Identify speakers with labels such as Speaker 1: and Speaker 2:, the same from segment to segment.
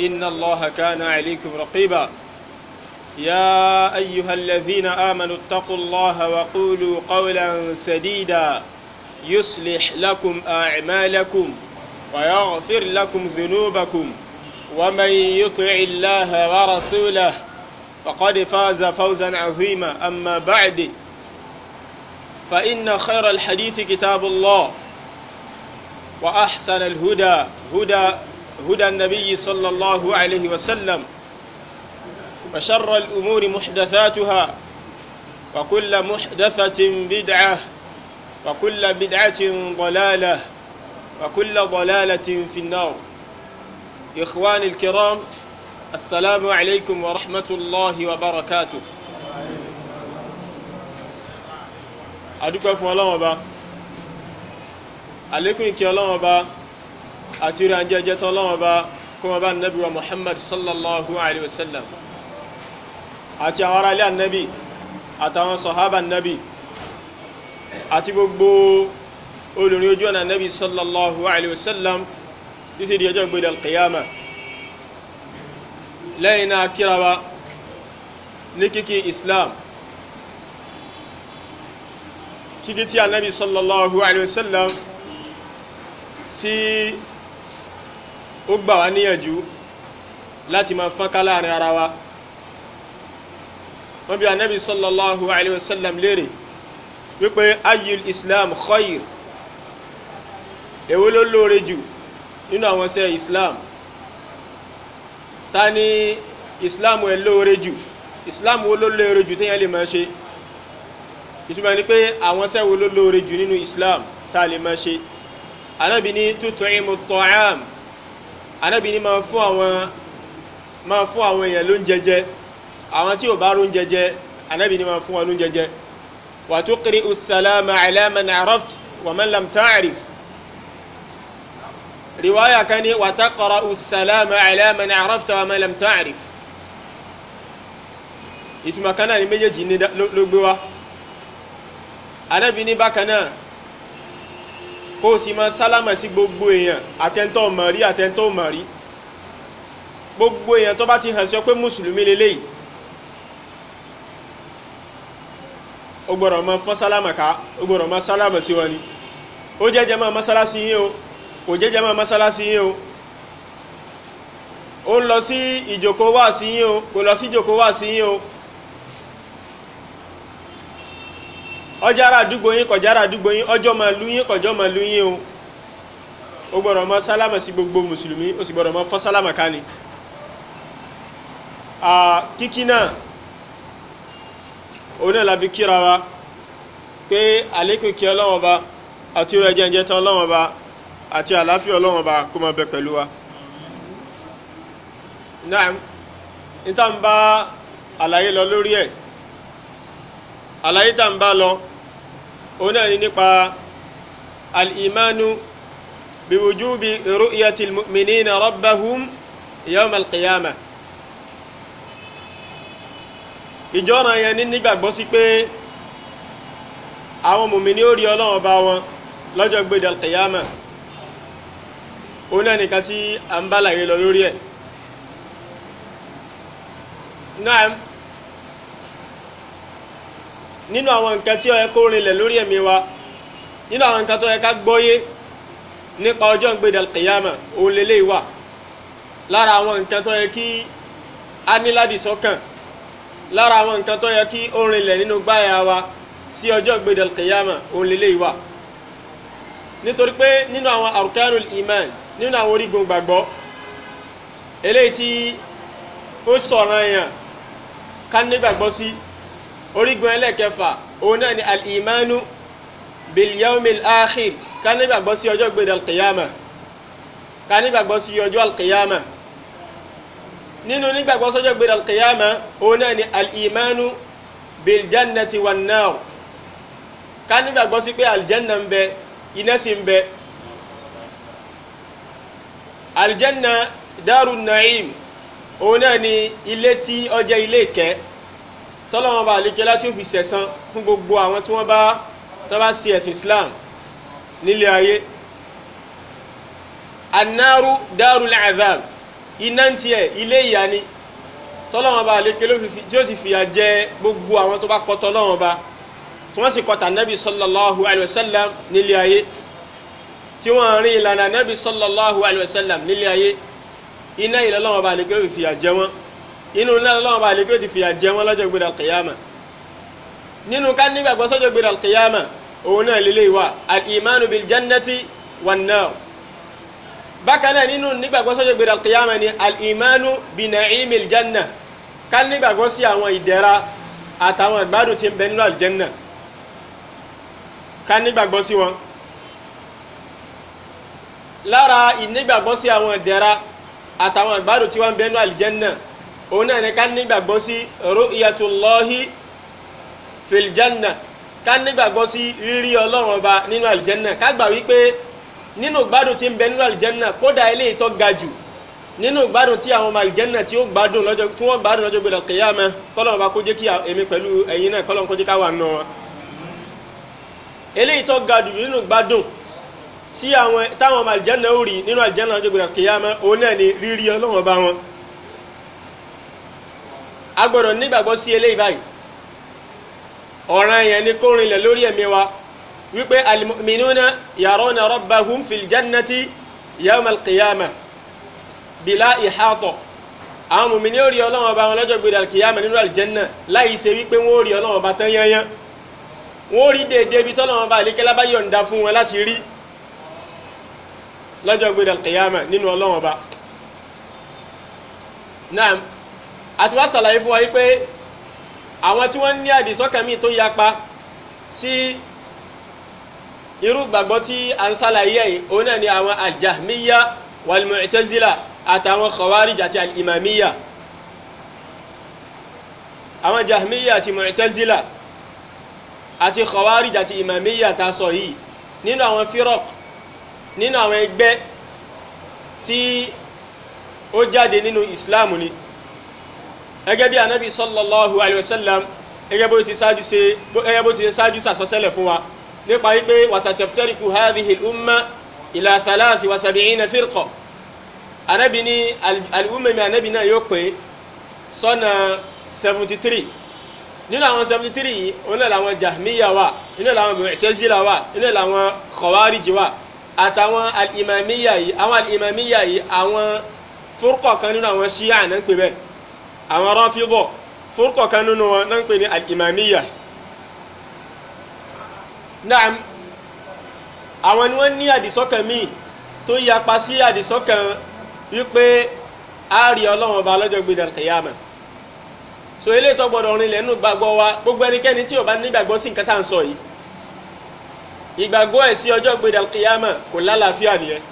Speaker 1: إن الله كان عليكم رقيبا يا أيها الذين آمنوا اتقوا الله وقولوا قولا سديدا يصلح لكم أعمالكم ويغفر لكم ذنوبكم ومن يطع الله ورسوله فقد فاز فوزا عظيما أما بعد فإن خير الحديث كتاب الله وأحسن الهدى هدى هدى النبي صلى الله عليه وسلم وشر الأمور محدثاتها وكل محدثة بدعة وكل بدعة ضلالة وكل ضلالة في النار إخوان الكرام السلام عليكم ورحمة الله وبركاته أدوكم فوالله وبا عليكم كي الله وبا àti rí àjẹjẹ tán lọ́wọ́n bá kó wọn bá nẹ́bí wa muhammad sallallahu alayhi wa sallam àti àwọn ará ilé ànẹ́bí àtàwọn sọ̀hábà ànẹ́bí àti gbogbo olùrin ojú ọ̀nà ànẹ́bí sallallahu alayhi wa sallam títí di ọjọ́ ìgbèdè alqiyama lẹ́yìn náà kíra wa ní kíkí islam kíkí tí ànẹ́bí sallallahu alayhi wa sallam tí ó gbà wá níyànjú láti máa fọ́nká láàrin ara wa wọ́n bí anábì sallallahu alayhi wa sallam léèrè wípé ayyul islam khair èwo ló lóore jù nínú àwọn ṣe islam ta ni islam ẹ lóore jù islam wo ló lóore jù téèyàn lè máa ṣe ìtumọ̀ ni pé àwọn ṣe wo ló lóore jù nínú islam tá lè máa ṣe anábì ní tutu imu ta'am anábì ní máa fún àwọn máa fún àwọn èèyàn lóúnjẹ jẹ àwọn tí ò bá lóúnjẹ jẹ anábì ní máa fún wọn lóúnjẹ jẹ wa tuqri'u salama ala man arafta wa man lam ta'rif riwaya kan ní wa taqra'u salama ala man arafta wa man ìtumọ̀ kan náà ni méjèèjì ló gbé wa anábì bákan náà kó o sì máa sálámà sí gbogbo èèyàn àtẹ́ntọ́ mọ̀ rí àtẹ́ntọ́ mọ̀ rí gbogbo èèyàn tó bá ti hàn sí ọ pé mùsùlùmí leléyìí o gbọ́dọ̀ mọ fọ́n sálámà ká o gbọ́dọ̀ mọ sálámà sí wọn ni ó jẹ́ jàmá mọ́sálásí yín o kò jẹ́ jàmá mọ́sálásí yín o ó ń lọ sí ìjòkó wá sí yín o kò lọ sí ìjòkó wá sí yín o. ọjà ara àdúgbò yín kọjá ara àdúgbò yín ọjọ́ máa lu yín kọjọ́ máa lu o ó gbọ́dọ̀ mọ sálámà sí gbogbo mùsùlùmí ó sì gbọ́dọ̀ mọ fọ́ sálámà ká ni kíkí náà òun náà la fi kíra wa pé àlékún kí ọlọ́wọ́n ba àti orí tán ọlọ́wọ́n ba àti àlàáfíà ọlọ́wọ́n ba àlàyé tá ń bá lọ òun náà ni nípa al-imanu bi wujubi ru'yati al-mu'minina rabbahum yawm al-qiyamah ìjọ́ra yẹn ní nígbàgbọ́ sí pé àwọn mùmíní ó rí bá wọn lọ́jọ́ gbédè al òun náà nìkan tí nínú àwọn nǹkan tí ó yẹ kó rinlẹ̀ lórí ẹ̀mí wa nínú àwọn nǹkan tó yẹ ká gbọ́yé nípa ọjọ́ ìgbéde alqiyama òun lélẹ́yìí wà lára àwọn nǹkan tó yẹ kí a ní láti sọ́kàn lára àwọn nǹkan tó yẹ kí ó rinlẹ̀ nínú gbáyà wa sí ọjọ́ ìgbéde alqiyama òun lélẹ́yìí wà nítorí pé nínú àwọn arkanul iman nínú àwọn orígun gbàgbọ́ eléyìí tí ó sọ̀ràn èèyàn ká nígbàgbọ́ sí. Si orígun ẹlẹ́kẹfà òun náà ni al-imanu bilyawmil akhir ká nígbàgbọ́ sí ọjọ́ gbèdé alkiyama ká nígbàgbọ́ sí ọjọ́ alkiyama nínú nígbàgbọ́ sọ́jọ́ gbèdé alkiyama òun náà ni al-imanu biljannati wannar ká nígbàgbọ́ sí pé aljanna ń bẹ iná sì ń bẹ aljanna daru na'im òun náà ni ilé tí ó ilé ìkẹ́ tọ́lọ́wọ́n bá àlékẹ́ láti ó fi sẹ̀san fún gbogbo àwọn tí wọ́n bá tọ́ bá sí ẹ̀sìn Islam nílé ayé anáru dárul azab iná ń tiẹ̀ ilé ìyà ni tọ́lọ́wọ́n bá àlékẹ́ tí ó ti fìyà jẹ gbogbo àwọn tó bá kọ̀ tọ́lọ́wọ́n bá tí wọ́n sì kọ̀ tà nẹ́bí sallallahu alayhi wa sallam nílé ayé tí wọ́n rìn ìlànà nẹ́bí sallallahu alayhi wa sallam nílé ayé iná ìlọ́lọ́wọ́n bá àlékẹ́ fìyà jẹ wọ́n inú náà lọ́wọ́ bá àlékúrò ti fìyà jẹ wọn lọ́jọ́ gbéra kìyàmà nínú ká nígbàgbọ́ sọ́jọ́ gbéra kìyàmà òun náà lélẹ̀ wà al-imanu bil jannati wan nar bákan náà nínú nígbàgbọ́ sọ́jọ́ gbéra kìyàmà ni al-imanu bi na'imil janna ká nígbàgbọ́ sí àwọn ìdẹ̀ra àtàwọn ìgbádùn tí ń nínú àlùjẹ́nà ká nígbàgbọ́ sí wọn lára ìnígbàgbọ́ sí àwọn ìdẹ̀ra àtàwọn ìgbádùn tí wọ́n ń nínú àlùjẹ́nà òun náà ni ká nígbàgbọ́ sí ru'yatullahi fil janna ká nígbàgbọ́ sí rírí ọlọ́run ọba nínú àlìjẹ́nà ká gbà wípé nínú gbádùn tí ń bẹ nínú àlìjẹ́nà kódà eléyìí tó ga jù nínú gbádùn tí àwọn ọmọ àlìjẹ́nà tí ó gbádùn lọ́jọ́ tí wọ́n gbádùn lọ́jọ́ gbẹdọ̀ kìyàmẹ kọ́lọ́run ọba kó jẹ́ kí èmi pẹ̀lú ẹ̀yin náà kọ́lọ́run kó jẹ́ ká wà nù wọn. eléyìí tó ga jù nínú gbádùn tí àwọn ọmọ àlìjẹ́nà ó rí nínú àlìjẹ́nà lọ́jọ́ gbẹdọ̀ kìyàmẹ òun náà ni rírí ọlọ́run ọba wọn a gbọ́dọ̀ nígbàgbọ́ sí eléyìí báyìí ọ̀ràn yẹn ni kó rinlẹ̀ lórí ẹ̀mí wa wípé almu'minuna yarawna rabbahum fil jannati yawm al-qiyamah bila ihata àwọn mùmíní ó rí ọlọ́wọ́n ọba wọn lọ́jọ́ gbèrè alkiyama nínú aljanna láì ṣe wípé wọ́n ó rí ọlọ́wọ́n ọba tán yányán wọ́n ó rí déédéé bí tọ́lọ́wọ́n ọba àlékẹ́lá bá yọ̀ǹda fún wọn láti rí lọ́jọ́ gbèrè alkiyama nínú ọlọ́wọ́n ọba àti wá ṣàlàyé fún wa yìí pé àwọn tí wọ́n ní àdìsọ́kàn míì tó yapa sí irú gbàgbọ́ tí à ń ṣàlàyé yìí òun náà ni àwọn aljahmiya walmu'tazila àtàwọn khawarij àti alimamiya àwọn jahmiya àti mu'tazila àti khawarij àti imamiya ta sọ yìí nínú àwọn firok nínú àwọn ẹgbẹ́ tí ó jáde nínú islam ni. No gẹ́gẹ́ bí anabi sallallahu alayhi wa sallam gẹ́gẹ́ bó ti ṣáájú ṣe gẹ́gẹ́ bó ti ṣáájú ṣàsọsẹ́lẹ̀ fún wa nípa wípé wasataftariku hadhihi al-umma ila thalathi wa sab'ina firqa anabi ní al-umma mi anabi náà yóò pé sọ́nà seventy three nínú àwọn seventy three yìí òun náà làwọn jahmiya wa nínú làwọn mu'tazila wa nínú làwọn khawarij wa àtàwọn al yìí àwọn al yìí àwọn fúrkọ̀ kan nínú àwọn shia náà pè bẹ́ẹ̀ àwọn Rafidọ fúrkọ̀ kan nínú wọn náà ń pè ní al-Imamiyya naam àwọn ni wọ́n ní àdìsọ́kàn míì tó yapa sí àdìsọ́kàn wípé a rí ọlọ́run ọba lọ́jọ́ gbé dàrú kìyàmà so eléyìí tó gbọdọ̀ rinlẹ̀ nínú gbàgbọ́ wa gbogbo ẹnikẹ́ni tí ó bá nígbàgbọ́ sí nǹkan tá à ń sọ yìí ìgbàgbọ́ ẹ̀ sí ọjọ́ gbé dàrú kìyàmà kò lálàáfíà nìyẹn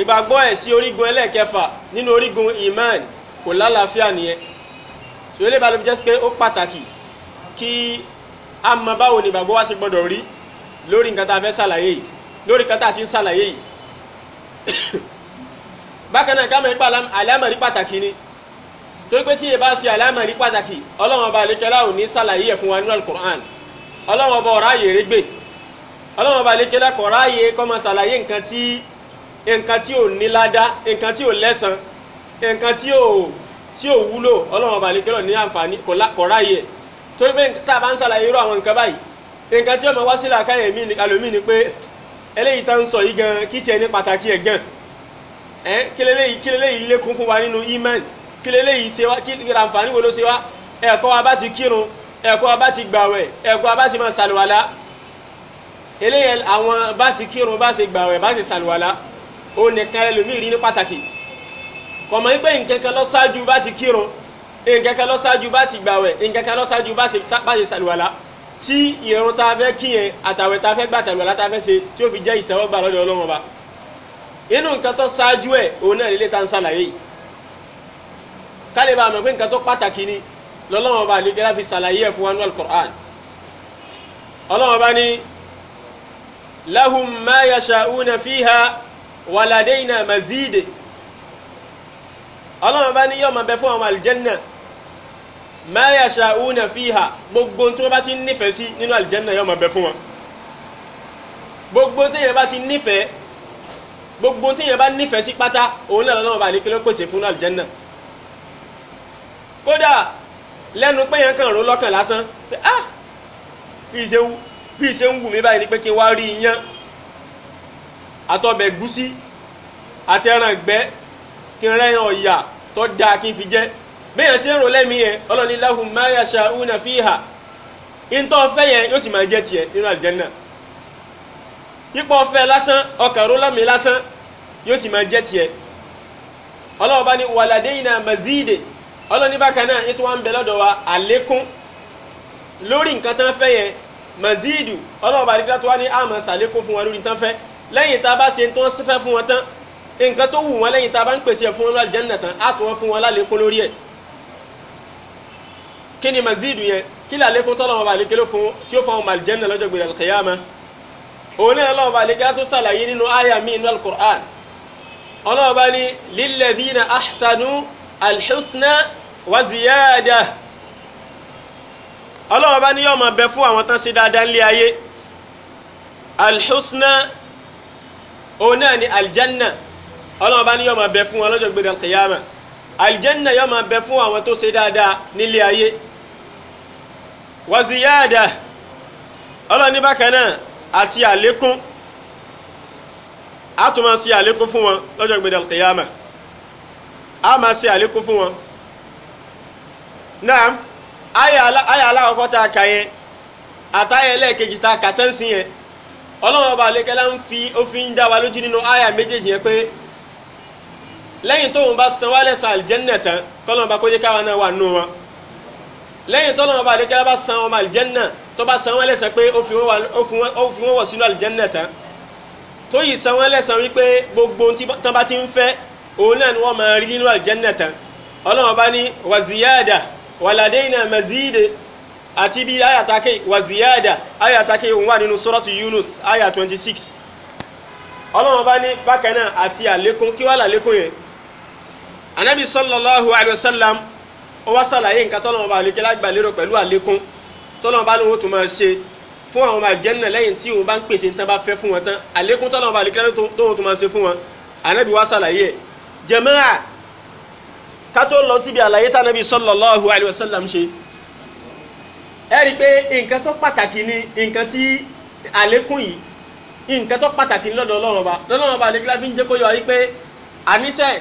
Speaker 1: ìgbàgbọ́ ẹ̀ sí orígun ẹlẹ́ẹ̀kẹfà nínú orígun iman kò lálàáfíà nìyẹn so eléyìí bá ló fi jẹ́ pé ó pàtàkì kí a mọ báwo ni ìgbàgbọ́ wa ṣe gbọ́dọ̀ rí lórí nǹkan tá a fẹ́ ṣàlàyé yìí lórí nǹkan tá a ti ń ṣàlàyé yìí bákan náà kámẹ́ ipa àlámọ̀rí pàtàkì ni torí pé tí yẹ bá ṣe àlámọ̀rí pàtàkì ọlọ́run ọba àlékẹ́lá ò ní ṣàlàyé ẹ̀ fún wa nínú alukur'an ọlọ́run ọba ọ̀rá yèrè gbè ọlọ́run ọba àlékẹ́lá kọ̀ ráyè kọ́ máa ṣàlàyé nǹkan tí nǹkan tí ò ní ládá nǹkan tí ò lẹ́sàn-án nǹkan tí ò tí ò wúlò ọlọ́run ọba àlekẹ́lọ ní àǹfààní kọ̀ráyè torí pé tá a bá ń ṣàlàyé irú àwọn nǹkan báyìí nǹkan tí ó máa wá sílẹ̀ àkáyè mi àlòmí ni pé eléyìí tá ń sọ yìí gan kí tiẹ̀ ní pàtàkì ẹ̀ gan ẹ̀ kí leléyìí kí leléyìí lékún fún wa nínú imán kí leléyìí ṣe wá kí àǹfààní wo ló ṣe wá ẹ̀kọ́ wa bá ti kírun ẹ̀kọ́ wa bá ti gbàwẹ̀ ẹ̀kọ́ wa bá ti máa ṣàlùwàlá eléyìí àwọn bá ti kírun bá ṣe gbàwẹ̀ bá ṣe ṣàlùwàlá ó nìkan ẹlòmíì rí ní pàtàkì kọ̀mọ́ yín pé nǹkan kan lọ ṣáájú bá ti kírun nǹkan kan lọ ṣáájú bá ti gbàwẹ̀ nǹkan kan lọ ṣáájú bá ti ṣàlùwàlá tí ìrun tá a fẹ́ kí yẹn àtàwẹ̀ tá a fẹ́ gbà tàlùwàlá tá a ṣe tí ó fi jẹ́ ìtẹ́wọ́gbà lọ́dọ̀ Ọlọ́run Ọba inú nǹkan tó ṣáájú ẹ̀ òun náà lélẹ́ tá ń ṣàlàyé yìí ká bá a mọ̀ pé nǹkan tó pàtàkì ni lọ́lọ́wọ́n bá àlejò láfi ṣàlàyé ẹ̀ fún wa nínú al Ọba ní lahum ma yasha'una fiha waladayna mazid ọlọ́run bá ní yọ̀ máa bẹ fún àwọn àlìjẹ́nà ma yasha'una fiha gbogbo tí wọ́n bá ti nífẹ̀ẹ́ sí nínú àlìjẹ́nà yọ̀ máa bẹ fún wọn gbogbo tí yẹn bá ti nífẹ̀ẹ́ gbogbo tí yẹn bá nífẹ̀ẹ́ sí pátá òun náà lọ́wọ́ bá ní kí ló pèsè fún àlìjẹ́nà kódà lẹ́nu pé yẹn kàn ró lọ́kàn lásán pé ah bí ìṣe wù bí ìṣe ń wù mí báyìí ni pé kí n wá rí iyán àtọbẹ̀ gúsí àtẹràngbẹ́ kí n rẹ́ràn ọ̀yà tó dáa kí n fi jẹ́ bẹ́ẹ̀ ṣe ń rò lẹ́mí yẹn ọlọ́ni lahum ma yasha'una fiha ìntọ́ ọ̀fẹ́ yẹn yóò sì máa jẹ́ tiẹ̀ nínú àlùjánnà yípo ọ̀fẹ́ lásán ọkàn ró lásán yóò sì máa jẹ́ tiẹ̀ ọlọ́wọ́ bá ní mazide ọlọ́ni bákan náà ètò wa ń bẹ lọ́dọ̀ wa àlékún lórí nǹkan tán fẹ́ yẹn mazidu ọlọ́wọ́ bá ní ní àmọ́ nǹkan tó wù wọn lẹ́yìn tá a bá ń pèsè fún wọn aljanna tán á tún wọn fún wọn lálékún lórí ẹ̀ kí ni mazidu yẹn kí ni àlékún tọ́lọ́ wọn bá lè kélé fún tí ó fọ wọn aljanna lọ́jọ́ gbèrè alqiyama òun náà lọ́wọ́ bá lè kí á tún sàlàyé nínú àyà mi inú alukur'an ọlọ́wọ́ bá ní lilladhina ahsanu alhusna wa ziyada ọlọ́wọ́ bá ní yóò bẹ fún àwọn tán ṣe dáadáa nílé ayé alhusna òun náà ni aljanna ọlọ́run bá ní yọ máa bẹ fún wọn lọ́jọ́ gbèrè alkiyama aljanna yọ máa bẹ fún àwọn tó ṣe dáadáa nílé ayé wa ziyada ọlọ́run ní bákan náà àti àlékún a tún máa ṣe àlékún fún wọn lọ́jọ́ alkiyama a máa ṣe àlékún fún wọn náà ayé alákọ̀ọ́kọ́ tá a kà yẹn àtàyẹ ẹlẹ́ẹ̀kejì tá a kà tán sí yẹn ọlọ́run ọba àlékẹ́lá ń fi lẹ́yìn tóun bá san wálẹ̀ sa àlìjẹ́nà tán kọ́lọ́n bá kójé káwọn náà wà nù wọn lẹ́yìn tọ́lọ́n bá àdékẹ́lá bá san ọmọ àlìjẹ́nà tó bá san wálẹ̀ sa pé ó fi wọ́n wọ̀ sínú àlìjẹ́nà tán tó yìí san sa wípé gbogbo tán bá ti ń fẹ́ òun náà ni wọ́n máa rí nínú àlìjẹ́nà tán ọlọ́run bá ní wàzíyáàdà wàlàdéyìn àmàzíde àti bí ayàtàkè wàzíyáàdà ayàtàkè òun wà nínú sọ́rọ́tù Yunus ayà 26 ọlọ́run bá ní bákan náà àti àlékún kí wàá làlékún yẹn anabi sallallahu alayhi wa sallam ó wá sàlàyé nǹkan tọ́lọ́mọ bá àlékè lágbàlérò pẹ̀lú àlékún tọ́lọ́mọ bá lóun ó tún máa ṣe fún àwọn ọmọ àjẹ́nà lẹ́yìn tí òun bá ń pèsè tán bá fẹ́ fún wọn tán àlékún tọ́lọ́mọ bá àlékè lágbàlérò tóun tún máa ṣe fún wọn anabi wá sàlàyé ẹ̀ jẹ̀mẹ́rà lọ síbi àlàyé tànàbí sallallahu alayhi wa sallam ṣe ẹ rí i pé nǹkan tó pàtàkì ni nǹkan tí àlékún yìí nǹkan tó pàtàkì ni lọ́dọ̀ ọlọ́run ọba lọ́dọ̀ ọlọ́run ọba àlékè lágbàlérò jẹ́ kó yọ wá pé àníṣẹ́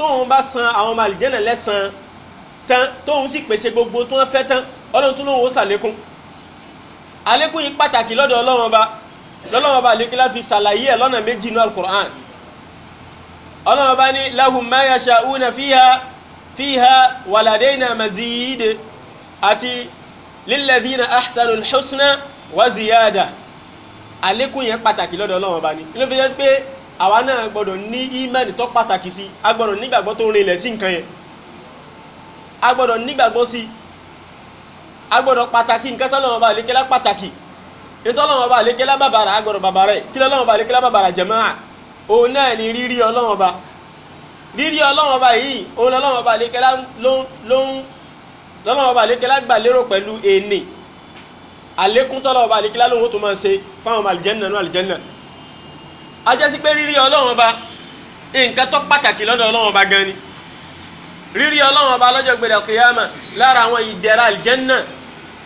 Speaker 1: tóun bá san àwọn ọmọ àlìjẹ́nà lẹ́sàn-án tán tóun sì pèsè gbogbo tó ń fẹ́ tán ọlọ́run tó lóun ó sàlékún àlékún yìí pàtàkì lọ́dọ̀ ọlọ́run ọba lọ́lọ́run ọba àlékún láfi ṣàlàyé ẹ̀ lọ́nà méjì inú alukur'an ọlọ́run ọba ní lahum ma yasha'una fiha fiha waladaina mazid àti lilladhina ahsanu husna wa ziyada àlékún yẹn pàtàkì lọ́dọ̀ ọlọ́run ọba ní ilé fi jẹ́ pé àwa náà gbọ́dọ̀ ní ímánì tó pàtàkì sí a gbọ́dọ̀ nígbàgbọ́ tó rinlẹ̀ sí nǹkan yẹn a gbọ́dọ̀ nígbàgbọ́ sí a gbọ́dọ̀ pàtàkì nǹkan tọ́lọ́wọ́n bá àlékélá pàtàkì ìtọ́lọ́wọ́n bá àlékélá bàbàrà a gbọ́dọ̀ bàbàrà ẹ̀ kí lọ́lọ́wọ́n bá àlékélá bàbàrà jàmáà òun náà ni rírí ọlọ́wọ́n bá rírí ọlọ́wọ́n bá yìí òun lọ́lọ́wọ́n bá àlékélá ló ń lọ́lọ́wọ́n bá àlékélá gbà lérò pẹ̀lú èèní àlékún tọ́lọ́wọ́n bá àlékélá lóhun tó máa ṣe fáwọn àlìjẹ́nà náà àlìjẹ́nà ajásí pé rírí ọlọ́run ọba nǹkan tó pàtàkì lọ́dọ̀ ọlọ́run ọba gan ni rírí ọlọ́run ọba lọ́jọ́ gbẹdẹ̀ kìyàmà lára àwọn ìdẹ̀ra àlìjẹ́nà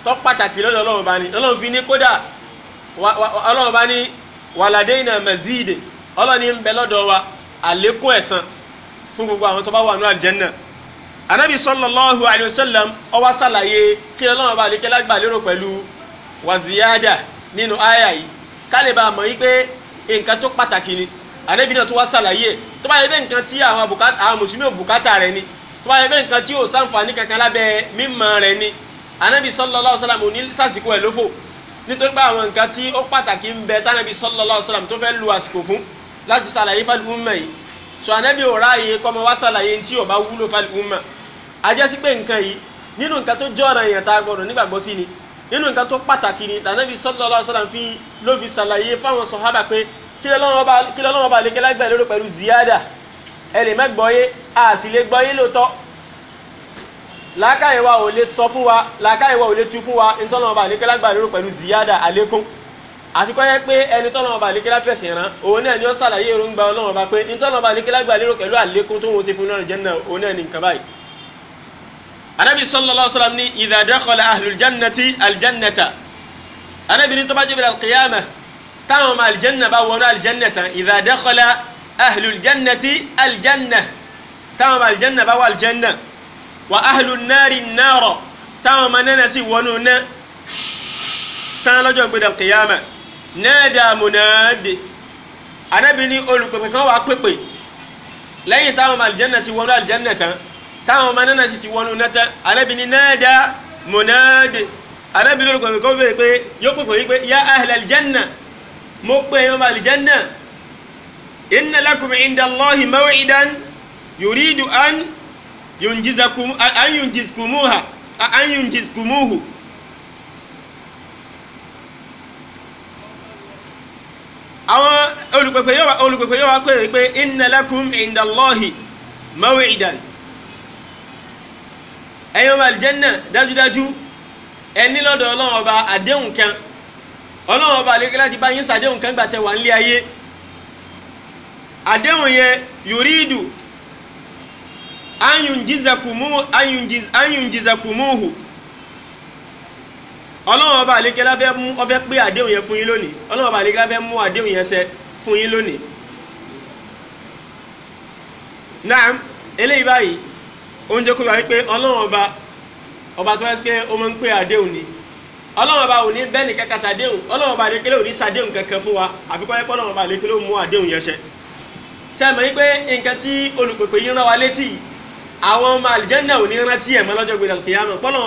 Speaker 1: tó pàtàkì lọ́dọ̀ ọlọ́run ọba ni ọlọ́run fi ní kódà ọlọ́run ọba ní ọlọ́run ní lọ́dọ̀ wa àlékún fún gbogbo àwọn tó bá wà ní anabi kí ọba nínú àyà yìí kálíbà yí nǹkan tó pàtàkì ni ànábì náà tó wá sàlàyé ẹ̀ tó bá yẹ bẹ́ẹ̀ nǹkan tí àwọn bùkátà àwọn mùsùlùmí ò bùkátà rẹ̀ ni tó bá yẹ bẹ́ẹ̀ nǹkan tí ò sàǹfààní kankan lábẹ́ mímọ̀ rẹ̀ ni ànábì sallallahu alaihi wasallam ò ní sàsìkò ẹ̀ lófò nítorí pé àwọn nǹkan tí ó pàtàkì ń bẹ tánàbí sallallahu alaihi wasallam tó fẹ́ lu àsìkò fún láti sàlàyé fálùmọ yìí sọ ànábì ò ráàyè kọ́mọ wá sàlàyé tí ò bá wúlò fálùmọ ajẹ́sí pé nǹkan yìí nínú nǹkan tó jọ́ ọ̀ràn yẹn tá a gbọ́dọ̀ nígbàgbọ́ sí ni nínú nǹkan tó pàtàkì ni lànàbí sallallahu alaihi wasallam fi ló fi ṣàlàyé fáwọn sọ̀hábà pé kí lọ́wọ́ bá lè kí lágbàá lórí pẹ̀lú ziyada ẹ lè má gbọ́yé a sì lè gbọ́yé lóòótọ́ làákàyè wa ò lè sọ fún wa làákàyè wa ò lè tú fún wa ní tọ́lọ́wọ́ bá lè kí lágbàá lórí pẹ̀lú ziyada àlékún àti kọ́ yẹ pé ẹni tọ́lọ́wọ́ bá lè kí lágbàá fẹ̀sìn rán òun náà ni ó ṣàlàyé èròǹgbà ọlọ́wọ́ bá pé ní tọ́lọ́wọ́ bá lè kí lágbàá pẹ̀lú àlékún tó ń anabi sallallahu alayhi wa sallam ni idha dakhala ahlul jannati aljannata anabi ni tó bá jẹ́ bẹ̀rẹ̀ alqiyama táwọn ọmọ aljanna bá wọnú aljanna tán idha dakhala ahlul jannati aljanna táwọn ọmọ aljanna bá wọ aljanna wa ahlul nari nara táwọn ọmọ nana sì wọnú ná tán lọ́jọ́ gbẹ̀rẹ̀ alqiyama nada munadi anabi ni olùpẹ̀pẹ̀ kan wà pẹ̀pẹ̀ lẹ́yìn táwọn ọmọ aljanna ti wọnú aljanna tán táwọn ọmọ náà sì ti wọnú náà anábì ní náàdá mọ̀nàdé anábì lórí pẹ̀lú kọ́ bẹ̀rẹ̀ pé yóò pè pẹ̀lú pé yá ahlẹ̀ alìjánà mo pè é ọmọ alìjánà inna lakum inda Allahi maw'idan yuridu an yunjizkumuha an yunjizkumuhu. àwọn olùpẹ̀pẹ̀ yóò wá pè é pé inna lakum inda Allahi maw'idan ẹ̀yin ọmọ àlìjẹ́nà dájúdájú ẹni lọ́dọ̀ ọlọ́run ọba àdéhùn kan ọlọ́run ọba àlékè láti bá yín sàdéhùn kan gbà tẹ wà nílé ayé àdéhùn yẹn yòrídù ayùnjìzàkùmùhù ọlọ́run ọba àlékè láfẹ́ mú ọfẹ́ pé àdéhùn yẹn fún yín lónìí ọlọ́run ọba àlékè láfẹ́ mú àdéhùn yẹn ṣẹ fún yín lónìí naam eléyìí báyìí ó ń jẹ́ kó wá wípé ọlọ́run ọba ọba tó wá sí pé ó máa ń pè àdéhùn ni ọlọ́run ọba ò ní bẹ́ẹ̀ nìkan kan sàdéhùn ọlọ́run ọba àdékélé ò ní sàdéhùn kankan fún wa àfikún ẹ̀kọ́ ọlọ́run ọba àdékélé mú àdéhùn yẹn ṣẹ. sẹ́mi wípé nǹkan tí olùpèpè yín rán wa létí àwọn ọmọ àlìjẹ́nà ò ní rántí ẹ̀ mọ́ lọ́jọ́ gbẹdọ̀ kìyàmọ̀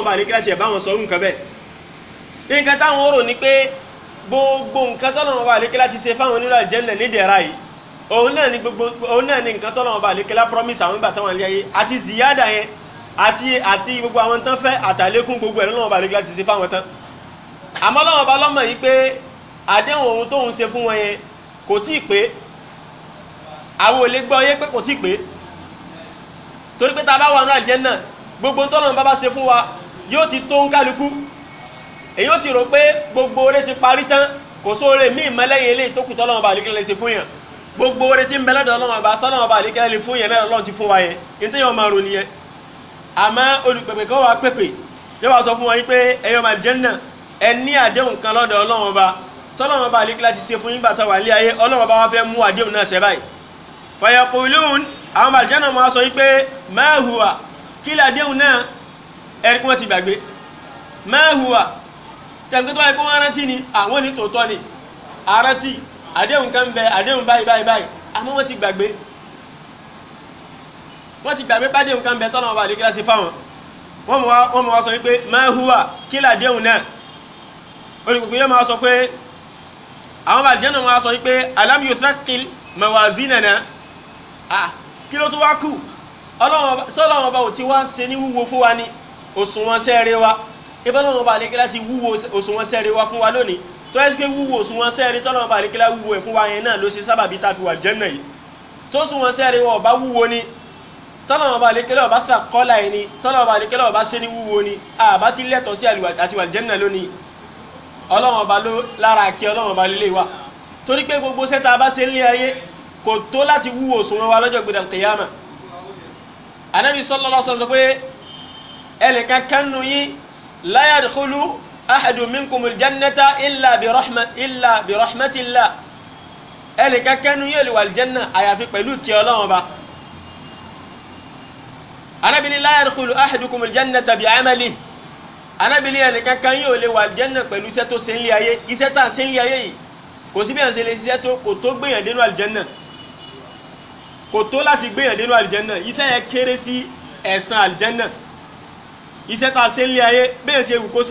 Speaker 1: ọba àdékélé òun náà ni gbogbo òun náà ni nǹkan tọ́lọ́wọ́n bá lékelá promise àwọn ìgbà táwọn ilé ayé àti ziyada yẹn àti àti gbogbo àwọn tán fẹ́ àtàlékún gbogbo ẹ̀ lọ́wọ́n bá lékelá ti ṣe fáwọn tán àmọ́ lọ́wọ́n bá lọ́mọ yìí pé àdéhùn ohun tóun ṣe fún wọn yẹn kò tí ì pé àwọn ò lè gbọ́ yé pé kò tí ì pé torí pé tá a bá wà nínú àlùjánnà gbogbo tọ́lọ́wọ́n bá bá ṣe fún wa yóò ti tó ń kálukú èyí ó ti rò pé gbogbo oore ti parí tán kò sóore míì mọ́lẹ́yìn eléyìí tó kù tọ́lọ́wọ́n gbogbo oore tí ń bẹ lọ́dọ̀ ọlọ́run ọba tọ́lọ́run ọba àlékẹ́lẹ́ lè fún yẹn náà ọlọ́run ti fún wa yẹn nítorí ọmọ ọrùn nìyẹn àmọ́ olùpèpè kọ́ wa pèpè yóò wá sọ fún wa yín pé ẹ̀yọ́ máa jẹ́ náà ẹ ní àdéhùn kan lọ́dọ̀ ọlọ́run ọba tọ́lọ́run ọba àlékẹ́lẹ́ ti ṣe fún yín gbàtọ́ wà lé ayé ọlọ́run ọba wa fẹ́ mú àdéhùn náà ṣẹ báyìí fàyàkùlùún àwọn màlìjánà máa sọ wípé máa hùwà kí làdéhùn náà ẹni kí wọ́n ti gbàgbé máa hùwà ṣàǹkótó wáyé pé wọ́n rántí ni àwọn onítòótọ́ ni àrántí àdéhùn kan bẹ àdéhùn báyìí báyìí báyìí àmọ́ wọ́n ti gbàgbé wọ́n ti gbàgbé pàdéhùn kan bẹ tọ́lọ́mọba àdékílá ṣe fáwọn wọ́n mọ̀ wá wọ́n mọ̀ wá sọ wípé máa hùwà kí làdéhùn náà olùkùnkù yóò máa sọ pé àwọn bàjẹ́ náà máa sọ wípé alam yuthaqil mawazinana ah kí ló tún wá kù sọ́lọ́wọ́n ọba ò ti wá ṣe ní wúwo fún wa ní òṣùwọ̀n sẹ́ẹ̀rẹ̀ wa ibà lọ́wọ́n ọba àdékílá ti wúwo òṣùwọ̀n sẹ́ẹ̀rẹ̀ wa fún wa lónìí tó ẹ́ sí pé wúwo sùn wọn sẹ́ẹ̀rí tọ́lọ́mọba àríkílá wúwo ẹ̀ fún wa yẹn náà ló ṣe sábàbí tá a fi wà jẹ́ náà yìí tó sùn wọn sẹ́ẹ̀rí wọn ọba wúwo ni tọ́lọ́mọba àríkílá ọba sàkọ́lá yìí ni tọ́lọ́mọba àríkílá ọba ṣe ní wúwo ni àbá ti lẹ́tọ̀ sí àti wà jẹ́ náà lónìí ọlọ́mọba ló lára kí ọlọ́mọba lílé wa torí pé gbogbo sẹ́ta bá ṣe nílé ayé kò tó láti wúwo sùn wọn wa lọ́jọ́ gbẹdà kìyàmà Ànábì sallallahu alaihi wasallam sọ pé ẹnìkan kan nù yín la yadkhulu ahadu minkumul jannata illa bi rahmat illa bi rahmatillah ẹnì kankan nu yóò lè wà aljanna àyàfi pẹ̀lú kí ọlọ́run ba anabili la yadkhulu ahadukumul jannata bi amali anabili ẹnì kankan yóò lè wà aljanna pẹ̀lú iṣẹ́ tó ṣe ń lé ayé iṣẹ́ tá à ń ṣe ń lé ayé yìí kò sí bí ẹ̀ ń ṣe lè ṣiṣẹ́ tó aljanna kò tó láti gbìyàn dénú aljanna iṣẹ́ yẹn kéré sí ẹ̀san aljanna iṣẹ́ tá a ṣe ń lé ayé bẹ́ẹ̀ ṣe wù kó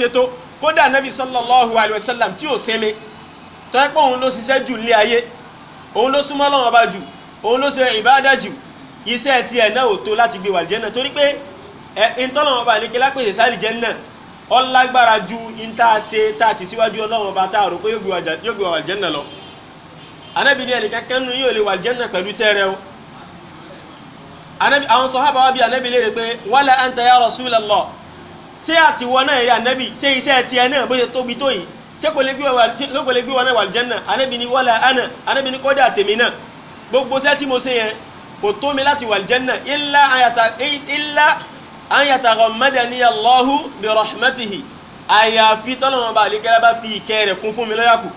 Speaker 1: kódà anabi sallallahu alayhi wa sallam tí ò sẹ́mi tó yẹ pé òun ló ṣiṣẹ́ jù nílé ayé òun ló súnmọ́ Ọlọ́run ọba jù òun ló ṣe ìbáadà jù iṣẹ́ tiẹ̀ náà ò tó láti gbé wàlìjẹ́ náà torí pé ìtọ́lọ́wọ́n ọba àlekè lápèsè sálìjẹ́ náà ọlágbára ju níta ṣe tá a ti síwájú Ọlọ́run ọba tá a rò pé yóò gbé wàlìjẹ́ náà lọ anabi ní ẹnì kankan nu yóò lè wàlìjẹ́ náà pẹ̀lú iṣẹ́ rẹ o àwọn sọ̀hábà wa bí anabi léèrè pé wala anta ya Rasulullah ṣé àtiwọ́ náà yà nẹ́bì ṣé iṣẹ́ tiẹ̀ náà bó ṣe tóbi tó yìí ṣé kò lè gbé wọn náà wà lìjẹ́nà anábì ni wọ́lá àná anábì ni kọ́dà tèmi náà gbogbo ṣẹ́ tí mo ṣe yẹn kò tó mi láti wà lìjẹ́nà illa ayataghammadani Allahu bi rahmatihi àyàfi tọ́lọ́mọ bá àlékẹ́lá bá fi ìkẹ́ rẹ̀ kún fún mi lọ́yàkù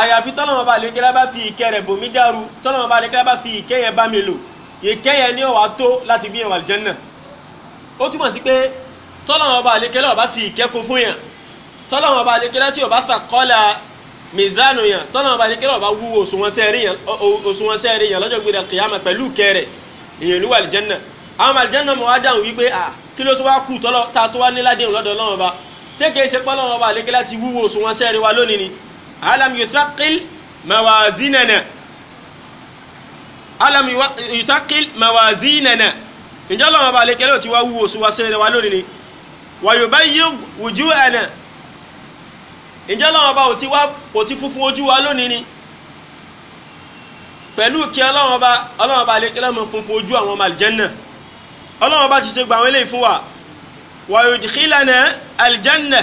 Speaker 1: àyàfi tọ́lọ́mọ bá àlékẹ́lá bá fi ìkẹ́ rẹ̀ bòmí dàrú tọ́lọ́mọ bá àlékẹ́lá bá fi ìkẹ́ yẹn bá mi lò ìkẹ́ yẹn ní ó wá tó láti gbé yẹn wà lìjẹ́nà ó túmọ̀ sí pé tọ́lọ́wọ́n ọba àlékẹ́lẹ́ ọba fi ìkẹ́kọ̀ọ́ fún yàn tọ́lọ́wọ́n ọba àlékẹ́lẹ́ tí ọba sàkọ́lá mizanu yàn tọ́lọ́wọ́n ọba àlékẹ́lẹ́ ọba wúwo òṣùwọ̀n sẹ́ẹ̀rì yàn lọ́jọ́ gbéra kìyàmà pẹ̀lú kẹrẹ̀ èèyàn olúwa àlìjẹ́nà àwọn àlìjẹ́nà mọ̀ wá dáhùn wípé à kí ló tó wá kù tọ́lọ́ ta tó wá níládéhùn lọ́dọ̀ ọlọ́wọ́n ọba ni alam yuthaqil mawazinana alam yuthaqil mawazinana ǹjẹ́ ọlọ́wọ́n ọba àlékẹ́lẹ́ ò ti wá wúwo òṣùwọ̀n sẹ́ẹ̀rì wa lónìí ni wàyọ̀bá yí ojú ẹ̀nà ǹjẹ́ Ọlọ́run ọba ò ti funfun ojú wa lónìí ni pẹ̀lú kí Ọlọ́run ọba Ọlọ́run ọba lè kílẹ̀ mọ́ funfun ojú àwọn ọmọ àlìjẹ́nà Ọlọ́run ti ṣe gbà wọ́n eléyìí fún wa wàyọ̀dìkílànà àlìjẹ́nà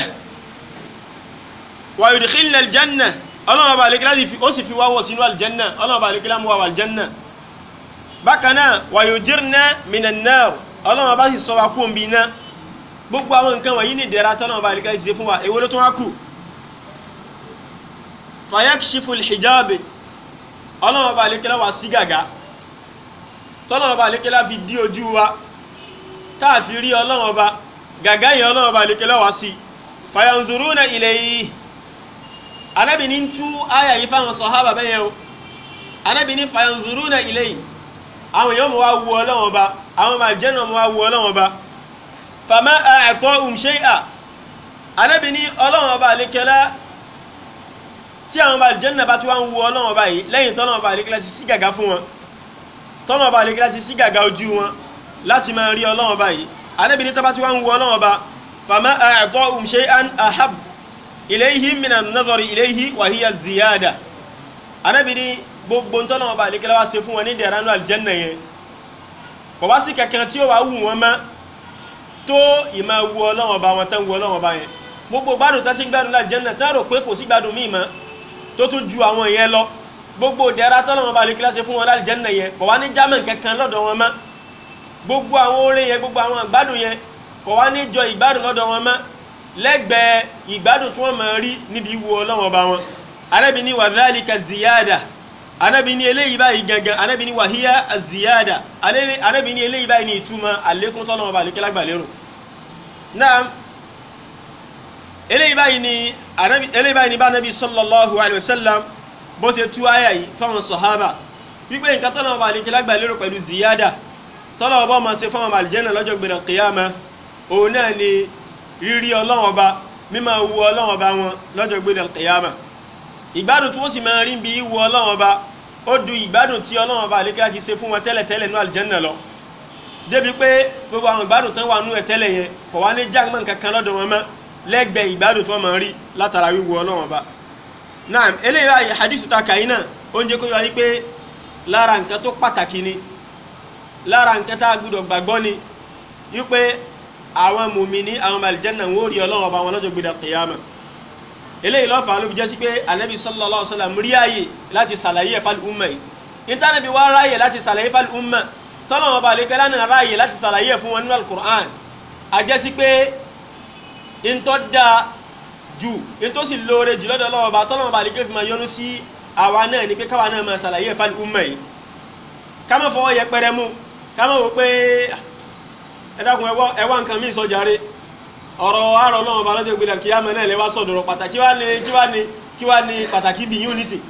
Speaker 1: wàyọ̀dìkílànà àlìjẹ́nà Ọlọ́run ọba lè kílẹ̀ ó sì fi wá wọ̀ sínú àlìjẹ́nà Ọlọ́run ọba lè kílẹ̀ wà àlìjẹ́nà bákan náà wàyọ̀dìrìnà mìnà náà Ọlọ́run sì sọ wa kú gbogbo àwọn nǹkan wọ̀nyí ní ìdẹ̀ra tọ́nà ọba àlìkà ṣe fún wa èwo ló tún wá kù fayakshifu alhijabi ọlọ́run ọba àlekela wà sí gàgà tọ́lọ́run ọba àlekela fi dí ojú wa tá a fi rí ọlọ́run ọba gàgà yẹn ọlọ́run ọba àlekela wà sí fayanzuruna ilayhi anábì ní tú àyà yìí fáwọn sọ̀hábà ayayi o anábì ní fayanzuruna ilayhi àwọn èèyàn mọ̀ wá ọlọ́run ọba àwọn màlìjẹ́nà mọ̀ wá fama àtọ́ òmṣẹ́yà anábì ní ọlọ́run ọba àlékẹ́lá tí àwọn ọba àlìjẹ́nà bá ti wá ń wo ọlọ́run ọba yìí lẹ́yìn tọ́lọ́run ọba àlékẹ́lá ti sí gàgá fún wọn tọ́lọ́run ọba àlékẹ́lá ti sí gàgá ojú wọn láti máa rí ọlọ́run ọba yìí anábì ní tọ́ba ti wá ń wo ọlọ́run ọba fama àtọ́ òmṣẹ́yà ahab iléyìí mìíràn nọ́dọ̀rì iléyìí wàhíyà ziyada anábì ní gbogbo tọ́lọ́run ọba àlékẹ́lá wá ṣe fún wọn ní ìdẹ̀ránú àlìjẹ́nà yẹn kò wá sí kankan tí ó wá wù wọn mọ́ tó ìmọ̀ wu ọlọ́wọ́n ba wọn tán wu ọlọ́wọ́n ba yẹn gbogbo gbádùn tán ti gbádùn náà jẹ́ náà tán rò pé kò sí gbádùn míì mọ́ tó tún ju àwọn yẹn lọ gbogbo ìdẹ̀ra tọ́lọ́wọ́n ba lè kíláṣe fún wọn lálẹ́ jẹ́ náà yẹn kò wá ní jámẹ̀ kankan lọ́dọ̀ wọn mọ́ gbogbo àwọn oore yẹn gbogbo àwọn ìgbádùn yẹn kò wá ní jọ ìgbádùn lọ́dọ̀ wọn mọ́ lẹ́gbẹ̀ẹ́ ìgbádùn tí wọ́n máa rí níbi wu ọlọ́wọ́n ba wọn arẹ́bi ní wàdálì ka ziyada anabi ni eléyìí báyìí gangan anabi ni wàhíyá aziyada anabi ni eléyìí báyìí ni ìtumọ̀ àlékún tọ́lọ́mọ bá lékè lágbàlérò naam eléyìí báyìí ni anabi eléyìí báyìí ni bá anabi sallallahu alayhi wa sallam bó ṣe tú àyà yìí fáwọn sọ̀hábà wípé nǹkan tọ́lọ́mọ bá lékè lágbàlérò pẹ̀lú ziyada tọ́lọ́mọ bá máa ṣe fáwọn àlìjẹ́nà lọ́jọ́ gbẹ̀rẹ̀ kìyàmá òun náà ni rírí Ọlọ́run ọba mímọ̀ wu Ọlọ́run ọba wọn lọ́jọ́ gbẹ̀rẹ̀ kìyàmá ìgbádùn tí wọ́n sì máa rí bí ìwọ ọlọ́run ọba ó du ìgbádùn tí ọlọ́run ọba àlékà ti ṣe fún wọn tẹ́lẹ̀tẹ́lẹ̀ ní àlìjẹ́nà lọ débi pé gbogbo àwọn ìgbádùn tán wà nú ẹ̀ tẹ́lẹ̀ yẹn kò wá ní jágbọ́n kankan lọ́dọ̀ wọn mọ́ lẹ́gbẹ̀ẹ́ ìgbádùn tí wọ́n máa rí látara wíwọ ọlọ́run ọba naam eléyìí báyìí hadithu ta kàyí náà ó ń jẹ́ kó yọ wáyé pé lára nǹkan tó pàtàkì ni lára nǹkan tá a gbúdọ̀ gbàgbọ́ ni wípé àwọn mùmíní àwọn màlìjẹ́nà wọn ò rí ọlọ́run ọba wọn lọ́jọ́ gbéra kìyàmà eléyìí ló fà ló fi jẹ́ sí pé anabi sallallahu alaihi wasallam rí ààyè láti ṣàlàyé ẹ̀ fáli umma yìí intanẹ̀bí wá ráàyè láti ṣàlàyé fáli umma tọ́lọ́mọ bá lè gẹ́lá náà ráàyè láti ṣàlàyé ẹ̀ fún wọn nínú alukur'an àjẹsí pé ntọ́ dáa ju ntọ́ sì lóore jù lọ́dọ̀ ọlọ́wọ́ bá tọ́lọ́mọ bá lè gẹ́lá fi máa yọnu sí àwa náà ni pé káwa náà máa ṣàlàyé ẹ̀ fáli yìí ká má fọwọ́ yẹpẹrẹ mú ká wò pé ah, ẹ ọ̀rọ̀ àrọ̀ náà ọba lọ́jọ́ ìgbéra kí á mọ̀ náà lẹ́wà sọ̀dọ̀rọ̀ pàtàkì wá ní kí wá ní kí wá ní pàtàkì bí yóò nísìn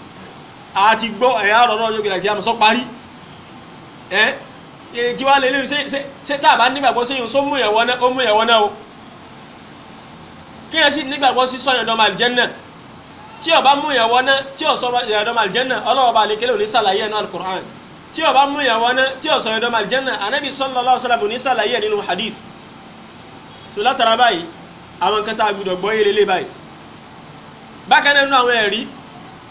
Speaker 1: àti gbọ́ ẹ̀yà àrọ̀ náà lọ́jọ́ ìgbéra kí á mọ̀ sọ parí ẹ́ kí wá lè léwu ṣé tá a bá nígbàgbọ́ sí yìí ó mú ìyàwó náà ó mú ìyàwó náà o kí yẹn sì nígbàgbọ́ sí sọ̀yàn dọ́mà àlìjẹ́nà tí ó bá mú ìyàwó náà tí ó sọ ìyàwó dọ́mà àlìjẹ́nà ọlọ́wọ́ bá lè kélé òní sàlàyé ẹ̀ náà alukur'an tí ó bá mú tó látara báyìí àwọn nǹkan tá a gbọ́dọ̀ gbọ́ yẹlẹ báyìí bákan náà nínú àwọn ẹ̀rí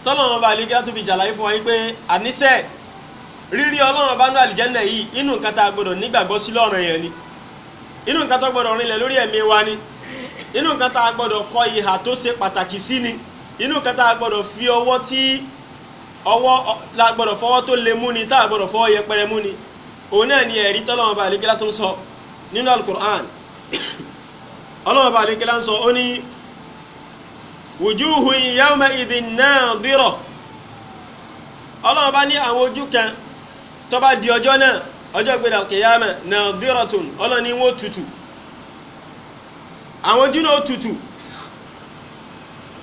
Speaker 1: tọ́lọ́wọ́n bá alẹ́ gíga tó fi jàlàyé fún wa yìí pé àníṣe rírí ọlọ́run bá ní àlìjẹ́nà yìí inú nǹkan tá a gbọ́dọ̀ nígbàgbọ́ sí ni inú nǹkan tó gbọ́dọ̀ rinlẹ̀ lórí ẹ̀mí wa ni inú nǹkan tá a gbọ́dọ̀ kọ ìhà tó ṣe ni inú nǹkan tá a gbọ́dọ̀ fi ọwọ́ tí ọwọ́ la gbọ́dọ̀ fọwọ́ tó lè mú ni tá a gbọ́dọ̀ fọwọ́ yẹpẹrẹ mú ni òun ọlọ́run bá àdékẹ́lá ń sọ ó ní wujuhun yawma idhin nadira ọlọ́run bá ní àwọn ojú kan tó bá di ọjọ́ náà ọjọ́ ìgbéra kìyàmẹ̀ nadiratun ọlọ́run ní wọ́n tutù àwọn ojú náà tutù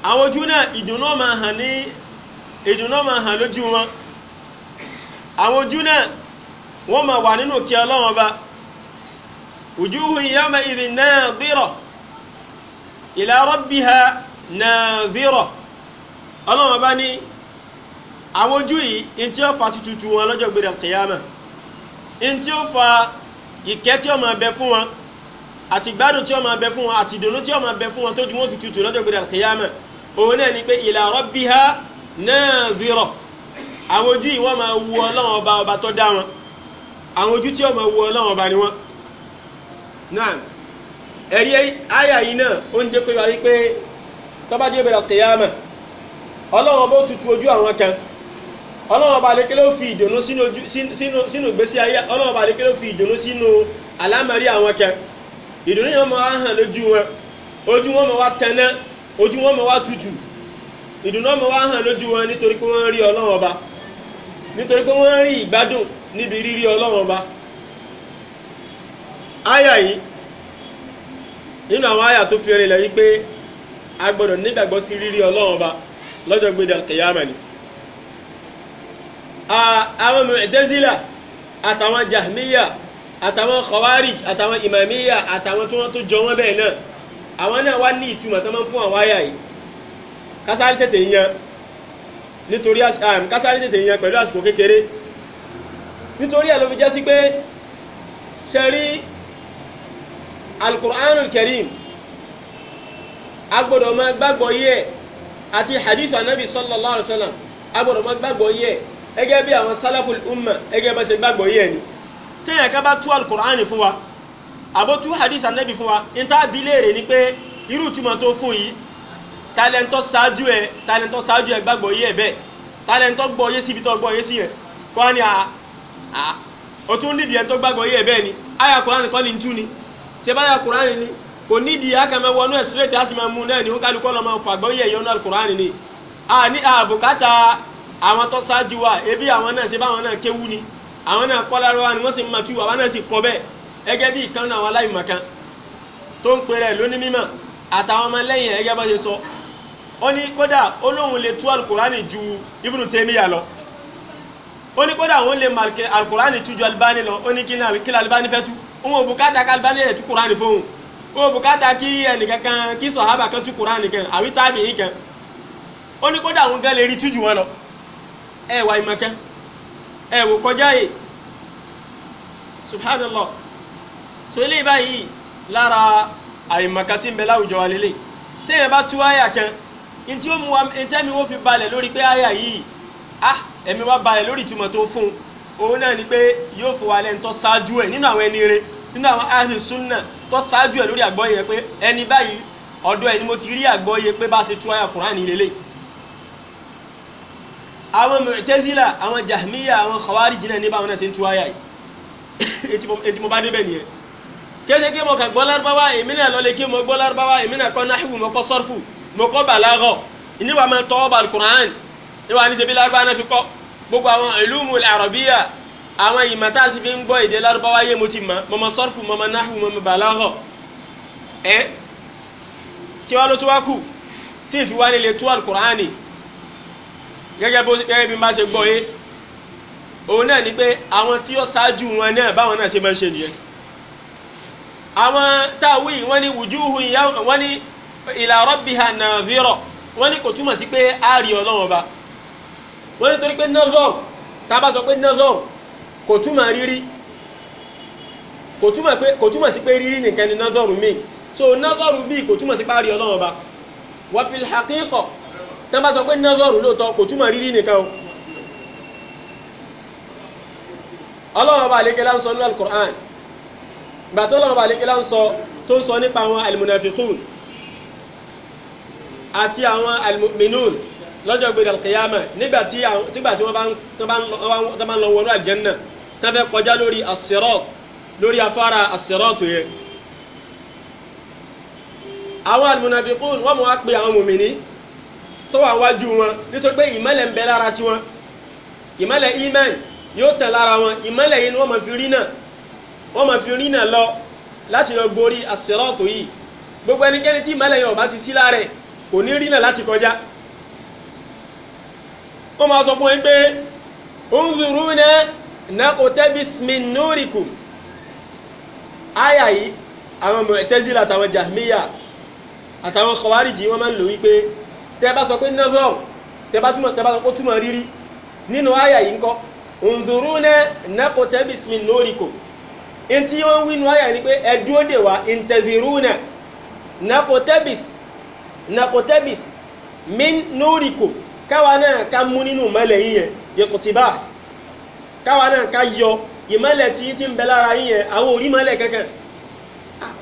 Speaker 1: àwọn ojú náà ìdùnnú máa hàn ní ìdùnnú máa hàn lójú wọn àwọn ojú náà wọ́n máa wà nínú kí ọlọ́run bá wujuhun yawma idhin nadira ila rabbiha nadhira ọlọ́run ọba ní àwọn ojú yìí ntí ó fa tututu wọn lọ́jọ́ gbére kìyàmà ntí ó fa ìkẹ́ tí ó máa bẹ fún wọn àti gbádùn tí ó máa bẹ fún wọn àti ìdùnnú tí ó máa bẹ fún wọn tójú wọn fi tutù lọ́jọ́ gbére kìyàmà òun náà ni pé ila rabbiha nadhira àwọn ojú yìí wọ́n máa wu ọlọ́run ọba ọba tó dá wọn àwọn ojú tí ó máa wu ọlọ́run ọba ni wọ́n náà. ẹ̀rí àyà yìí náà ó ń jẹ́ pé wá wípé tọ́ba dé ìbẹ̀rẹ̀ kíyámà ọlọ́wọ́n bó tutù ojú àwọn kan ọlọ́wọ́n bá lè kí fi ìdùnnú sínú ìgbésí ayé ọlọ́wọ́n bá lè kí fi ìdùnnú sínú àlámọ̀rí àwọn kan ìdùnnú yẹn lójú wọn ojú wọn mọ̀ wá tẹná ojú wọn mọ̀ wá tutù ìdùnnú wá hàn lójú wọn nítorí pé rí bá nítorí pé nínú àwọn àyà tó fi rinlẹ̀ wípé a gbọ́dọ̀ nígbàgbọ́ sí rírí ọlọ́run ba lọ́jọ́ gbéde alkiyama ni. àwọn mu'tazila àtàwọn jahmiya àtàwọn khawarij àtàwọn imamiya àtàwọn tí wọ́n tó jọ wọ́n bẹ́ẹ̀ náà àwọn náà wá ní ìtumọ̀ tó máa ń fún àwọn àyà yìí kásáré tètè yan nítorí kásáré tètè yan pẹ̀lú àsìkò kékeré nítorí ẹ̀ ló fi jẹ́ pé ṣe rí alukur'anul karim agbọ́dọ̀ máa gbàgbọ́ yẹ àti hadith anabi sallallahu alayhi wa sallam agbọ́dọ̀ máa gbàgbọ́ yẹ ẹgẹ́ bí àwọn salaful umma ẹgẹ́ bá ṣe gbàgbọ́ yẹ ni tẹ́yìn ká bá tú alukur'an fún wa àbó tú hadith anabi fún wa n ta bí léèrè ni pé irú túmọ̀ tó fún yìí talẹ́ntọ́ ṣáájú ẹ talẹ́ntọ́ ṣáájú ẹ gbàgbọ́ yẹ bẹ́ẹ̀ talẹ́ntọ́ gbọ́ yé síbi tó gbọ́ yé sí yẹn a o tún nídìí ẹ̀ tó gbàgbọ́ yẹ bẹ́ẹ̀ ni ayakọ̀ ni ń tú Sebaya báyà ni kò nídìí akẹ́mẹ́ wọnú ẹ̀ straight á sì máa mú náà ní kálukọ́ lọ́ máa fà gbọ́yẹ̀ yẹn náà kùránì ni a ní àbùkátà àwọn tó ṣáájú wa ebi àwọn náà ṣe báwọn náà kéwú ni àwọn náà kọ́ lára wa ni wọ́n sì máa tú àwọn náà sì kọ́ bẹ́ẹ̀ ẹgẹ́ bí ìkan náà àwọn aláìmọ̀kan tó ń pèrè lóní mímọ̀ àtàwọn ọmọ lẹ́yìn ẹgẹ́ bá ṣe sọ ó ní kódà olóhùn lè tú alukurani ju ibùdó tèmíyà lọ ó ní kódà òun lè mọ alukurani tú ju alibani lọ ó ní kí ni alibani fẹ́ tú òun ò bùkátà kálíbálẹ̀ ẹ̀ tú kuraani fóun ó bùkátà kí ẹnìkankan kí sọ̀hábà kan tú kuraani kan àbí tábìlì kan ó ní kódà òun gan lè rí tújù wọn lọ ẹ wà ìmọ̀kẹ́ ẹ wò kọjá yìí subhanallah so eléyìí báyìí lára àìmọ̀kẹ́ tí ń bẹ láwùjọ wa lélẹ̀ téèyàn bá tú àyà kan ntí ó mu wa ntẹ́mi wo fi balẹ̀ lórí pé àyà yìí ah ẹ̀mi wa balẹ̀ lórí ìtumọ̀ tó fún un òun náà ni pé yóò fún wa lẹ́nu tó ṣáájú ẹ̀ nínú àwọn ẹni rẹ nínú àwọn ahlu sunna tó ṣáájú ẹ̀ lórí àgbọ́yé rẹ pé ẹni báyìí ọ̀dọ̀ ẹni mo ti rí àgbọ́yé pé bá a ṣe tú àyà Kùránì lélẹ̀ àwọn Mu'tazila àwọn Jahmiya àwọn Khawarij náà níbà wọn náà ṣe ń tú àyà yìí ètí mo bá débẹ̀ nìyẹn kéde kí mo kà gbọ́ lárúbáwá èmi náà lọ́lẹ̀ kí mo gbọ́ lárúbáwá èmi náà kọ́ náhìwù mo kọ́ sọ́rfù mo kọ́ bàlágọ̀ ìníwà máa tọ́ ọba alukur'an ìníwà ní lárúbáwá náà fi kọ́ gbogbo àwọn ulumul arabiyya àwọn ìmọ̀ tá a sì fi ń gbọ́ èdè lárúbáwá yé mo ti mọ̀ mo mọ̀ sọ́rfù mo mọ̀ náhù mo mọ̀ bàlágà ẹ́ kí wá ló tó wá kù tí ì fi wá nílé tó alukur'ani gẹ́gẹ́ bó gẹ́gẹ́ bí n bá ṣe gbọ́ yé òun náà ni pé àwọn tí ó ṣáájú wọn náà báwọn náà ṣe máa ṣe nìyẹn àwọn táwí wọn ní wujuhu wọn ní ila rabbiha nadhira wọn ní kò túmọ̀ sí pé a rí Ọlọ́run Ọba wọ́n ní torí pé nazor tá a bá sọ pé nazor kò túmọ̀ rírí kò túmọ̀ pé kò túmọ̀ sí pé rírí nìkan ni nazor mi so nazor bí kò túmọ̀ sí párí ọlọ́run ọba wa fil haqiqa tá a bá sọ pé nazor lóòótọ́ kò túmọ̀ rírí nìkan o ọlọ́run ọba àlékelá ń sọ nínú alukur'an gbà tó ọlọ́run ọba àlékelá ń sọ tó ń sọ nípa àwọn alimunafikun àti àwọn alimuminun lọ́jọ́ gbèrè alkiyama nígbà tí wọ́n bá ń lọ wọnú àjẹ́nà tó fẹ́ kọjá lórí asirọ́t lórí afárá asirọ́t yẹ àwọn almunafikun wọ́n mọ̀ wá pé àwọn mùmìnì tó wà wájú wọn nítorí pé ìmọ́lẹ̀ ń bẹ lára tiwọn ìmọ́lẹ̀ iman yóò tẹ̀ lára wọn ìmọ́lẹ̀ yìí ni wọ́n máa fi rí náà wọ́n máa fi rí náà lọ láti lọ gorí asirọ́t yìí gbogbo ẹnikẹ́ni tí ìmọ́lẹ̀ yẹn ò bá ti sí lára kò ní rí náà láti kọjá wọ́n máa sọ fún ẹ pé unzuruna naqtabis min nurikum àyà yìí àwọn Mu'tazila àtàwọn Jahmiya àtàwọn Khawariji wọ́n máa ń lò wípé tẹ́ bá sọ pé nọ́vọ́ọ̀ tẹ́ bá túmọ̀ tẹ́ bá sọ pé ó túmọ̀ rírí nínú àyà yìí ńkọ́ unzuruna naqtabis min nurikum ntí wọ́n wí nù àyà ni pé ẹ̀dúró dè wá intadhiruna naqtabis naqtabis min nurikum káwa náà ká mú nínú ìmọ́lẹ̀ yín yẹn yekutibas káwa náà ká yọ ìmọ́lẹ̀ tí yín ti ń bẹ lára yín yẹn àwọn orí mọ́lẹ̀ kankan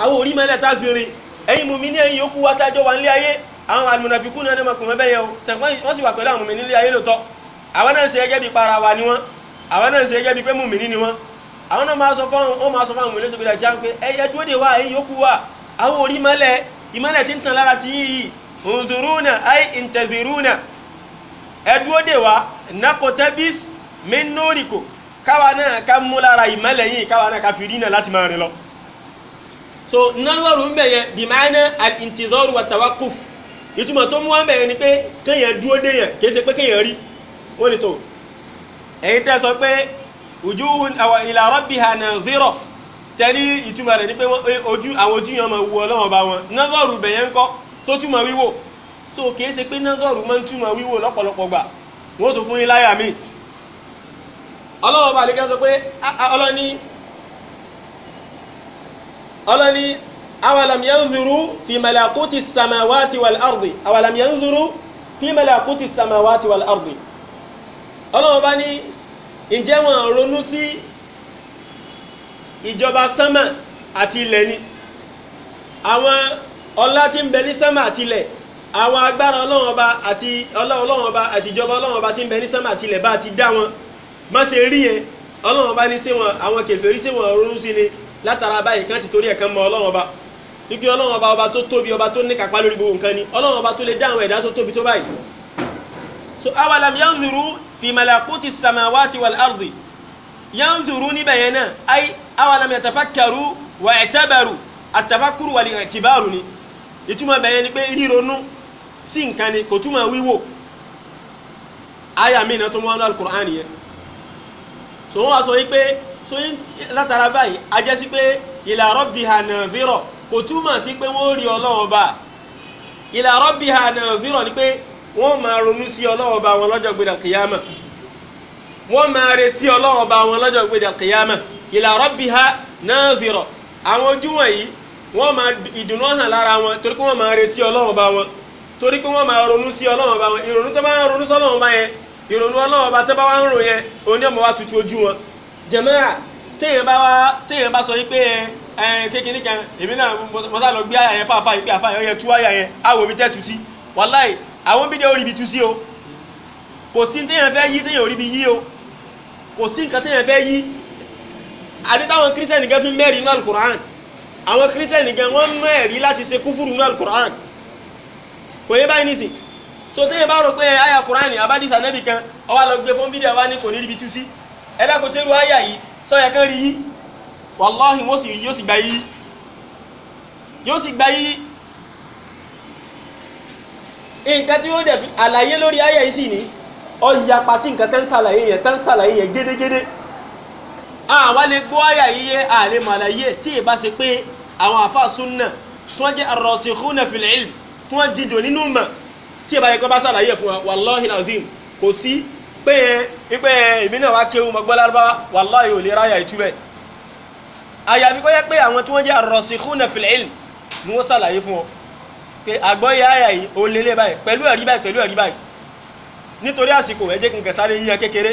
Speaker 1: àwọn orí mọ́lẹ̀ tá fi rin ẹ̀yin mú mi ní ẹ̀yin yòókù wá tájọ́ wà nílé ayé àwọn alùmọ̀nàfikún náà ní ọmọkùnrin bẹ́ẹ̀ yẹn o sẹ̀kọ́n wọ́n sì wà pẹ̀lú àwọn mùmìnì nílé ayé lóòótọ́ àwọn náà ń ṣe gẹ́gẹ́ bí para wa ni wọ́n àwọn náà ń ṣe gẹ́gẹ́ bí pé mùmìnì ni wọ́n àwọn náà máa sọ fáwọn ó máa sọ fáwọn mùmìnì tó gbéra já pé ẹ̀yẹ dúró de wa ẹ̀yin yòókù wa àwọn orí mọ́lẹ̀ ìmọ́lẹ̀ ti ń tàn lára ti yín yìí òǹdùrúnà àì ìǹtẹ̀dùrúnà ẹ dúró dè wá nakotebis minuriko káwa náà ká mú lára ìmọ̀lẹ̀ yìí káwa náà ká fi náà láti máa rìn lọ. so nánúwàrú ń bẹ̀yẹ bimaana al wa tawakuf ìtumọ̀ tó mú wá ń bẹ̀yẹ ni pé kéèyàn dúró dè yẹn kìí ṣe pé kéèyàn rí wọ́n ní tó ẹ̀yin tẹ́ sọ pé ojú ila rabbiha nadhira tẹ́lí ìtumọ̀ rẹ̀ ni pé ojú àwọn ojú yẹn máa wú ọlọ́wọ́n bá wọn nánúwàrú bẹ̀yẹ ńkọ́ sótúmọ̀ wíwò so kìí ṣe pé nádọ́rù máa ń túmọ̀ wíwò lọ́pọ̀lọpọ̀ gbà wọ́n tó fún yín láyà mi ọlọ́wọ́ bá àdékẹ́ sọ pé ọlọ́ni ọlọ́ni awalam yanzuru fi malakuti samawati wal ardi awalam yanzuru fi malakuti samawati wal ardi ọlọ́wọ́ bá ní ǹjẹ́ wọn ronú sí ìjọba sánmà àti ilẹ̀ ni àwọn ọlá tí ń bẹ ní sánmà àti ilẹ̀ àwọn agbára ọlọ́run ọba àti ọlọ́run ọba àti ìjọba ọlọ́run ọba tí ń bẹ ní sánmà àti ilẹ̀ bá ti dá wọn má ṣe rí yẹn ọlọ́run ọba ní sí wọn àwọn kèfèrí sí wọn ronú sí ni látara báyìí kan ti torí ẹ̀ kan mọ ọlọ́run ọba ike ọlọ́run ọba ọba tó tóbi ọba tó ní lórí gbogbo nǹkan ni ọlọ́run ọba tó lè dá àwọn ẹ̀dá tó tóbi tó báyìí ìtumọ̀ bẹ̀yẹn ni pé ríronú sí nǹkan ni kò túmọ̀ wíwò àyà mi náà tó mú wọn alukur'an yẹn so wọn wá sọ wípé so yín látara báyìí a jẹ́ sí pé ila rabbiha nadhira kò túmọ̀ sí pé wọ́n rí ọlọ́wọ́ bá ila rabbiha nadhira ni pé wọ́n máa ronú sí ọlọ́wọ́ bá wọn lọ́jọ́ gbéra kìyàmà wọ́n máa retí ọlọ́wọ́ bá wọn lọ́jọ́ gbéra kìyàmà ila rabbiha nadhira àwọn ojú wọ̀nyí wọ́n máa ìdùnnú hàn lára wọn torí pé wọ́n máa retí ọlọ́wọ́ bá wọn torí pé wọ́n máa ronú sí ọlọ́run ọba wọn ìrònú tó bá ń ronú sọ́lọ́run ọba yẹn ìrònú ọlọ́run ọba tó bá wá ń yẹn òní ọmọ wa tutù ojú wọn jẹ̀mẹ́rà téèyàn bá wá téèyàn bá sọ yí pé ẹ kékeré kan èmi náà mo lọ gbé àyà yẹn fáfá yìí pé àfá yẹn tú àyà yẹn àwọ̀ mi tẹ́ tu sí wàláì àwọn bídẹ́ orí ibi tu sí o kò sí téèyàn fẹ́ yí téèyàn orí ibi yí o kò sí kò yé báyìí nísìn so téèyàn bá rò pé àyà kuraani abadisa nẹ́bì kan ọwọ́ lọ gbé fún bídíà wa ní kò ní ríbi tú sí ẹ sẹ́rù àyà yìí sọ́yà kan rí yí wàláhì wọ́n sì rí yóò sì gba yí yóò sì gba yí nǹkan tí ó dẹ̀ àlàyé lórí àyà yìí sì ní ọ yapa sí nǹkan tẹ́ ń ṣàlàyé yẹn tẹ́ ń ṣàlàyé yẹn gédégédé àwa lè gbọ́ àyà yìí yẹ àlè màlàyé tí ì bá ṣe pé àwọn àfa sunna tí wọ́n jẹ́ ar-rasikhuna fil ilm tí wọ́n jíjò nínú mọ̀ tí ìbáyé kọ́ bá sàlàyé fún wa wàláhì nàzim kò sí pé pé èmi náà wá kéwu mọ́ gbọ́lárúbáwá wàláhì ò lè ráyà ìtúbẹ̀ àyàfi kọ́ yẹ pé àwọn tí wọ́n jẹ́ ar-rasikhuna fil ilm ni wọ́n sàlàyé fún ọ pé àgbọ́yé àyà yìí ó lélẹ̀ báyìí pẹ̀lú ẹ̀rí báyìí pẹ̀lú ẹ̀rí báyìí nítorí àsìkò ẹ jẹ́ kí n kẹ̀ sáré yíyan kékeré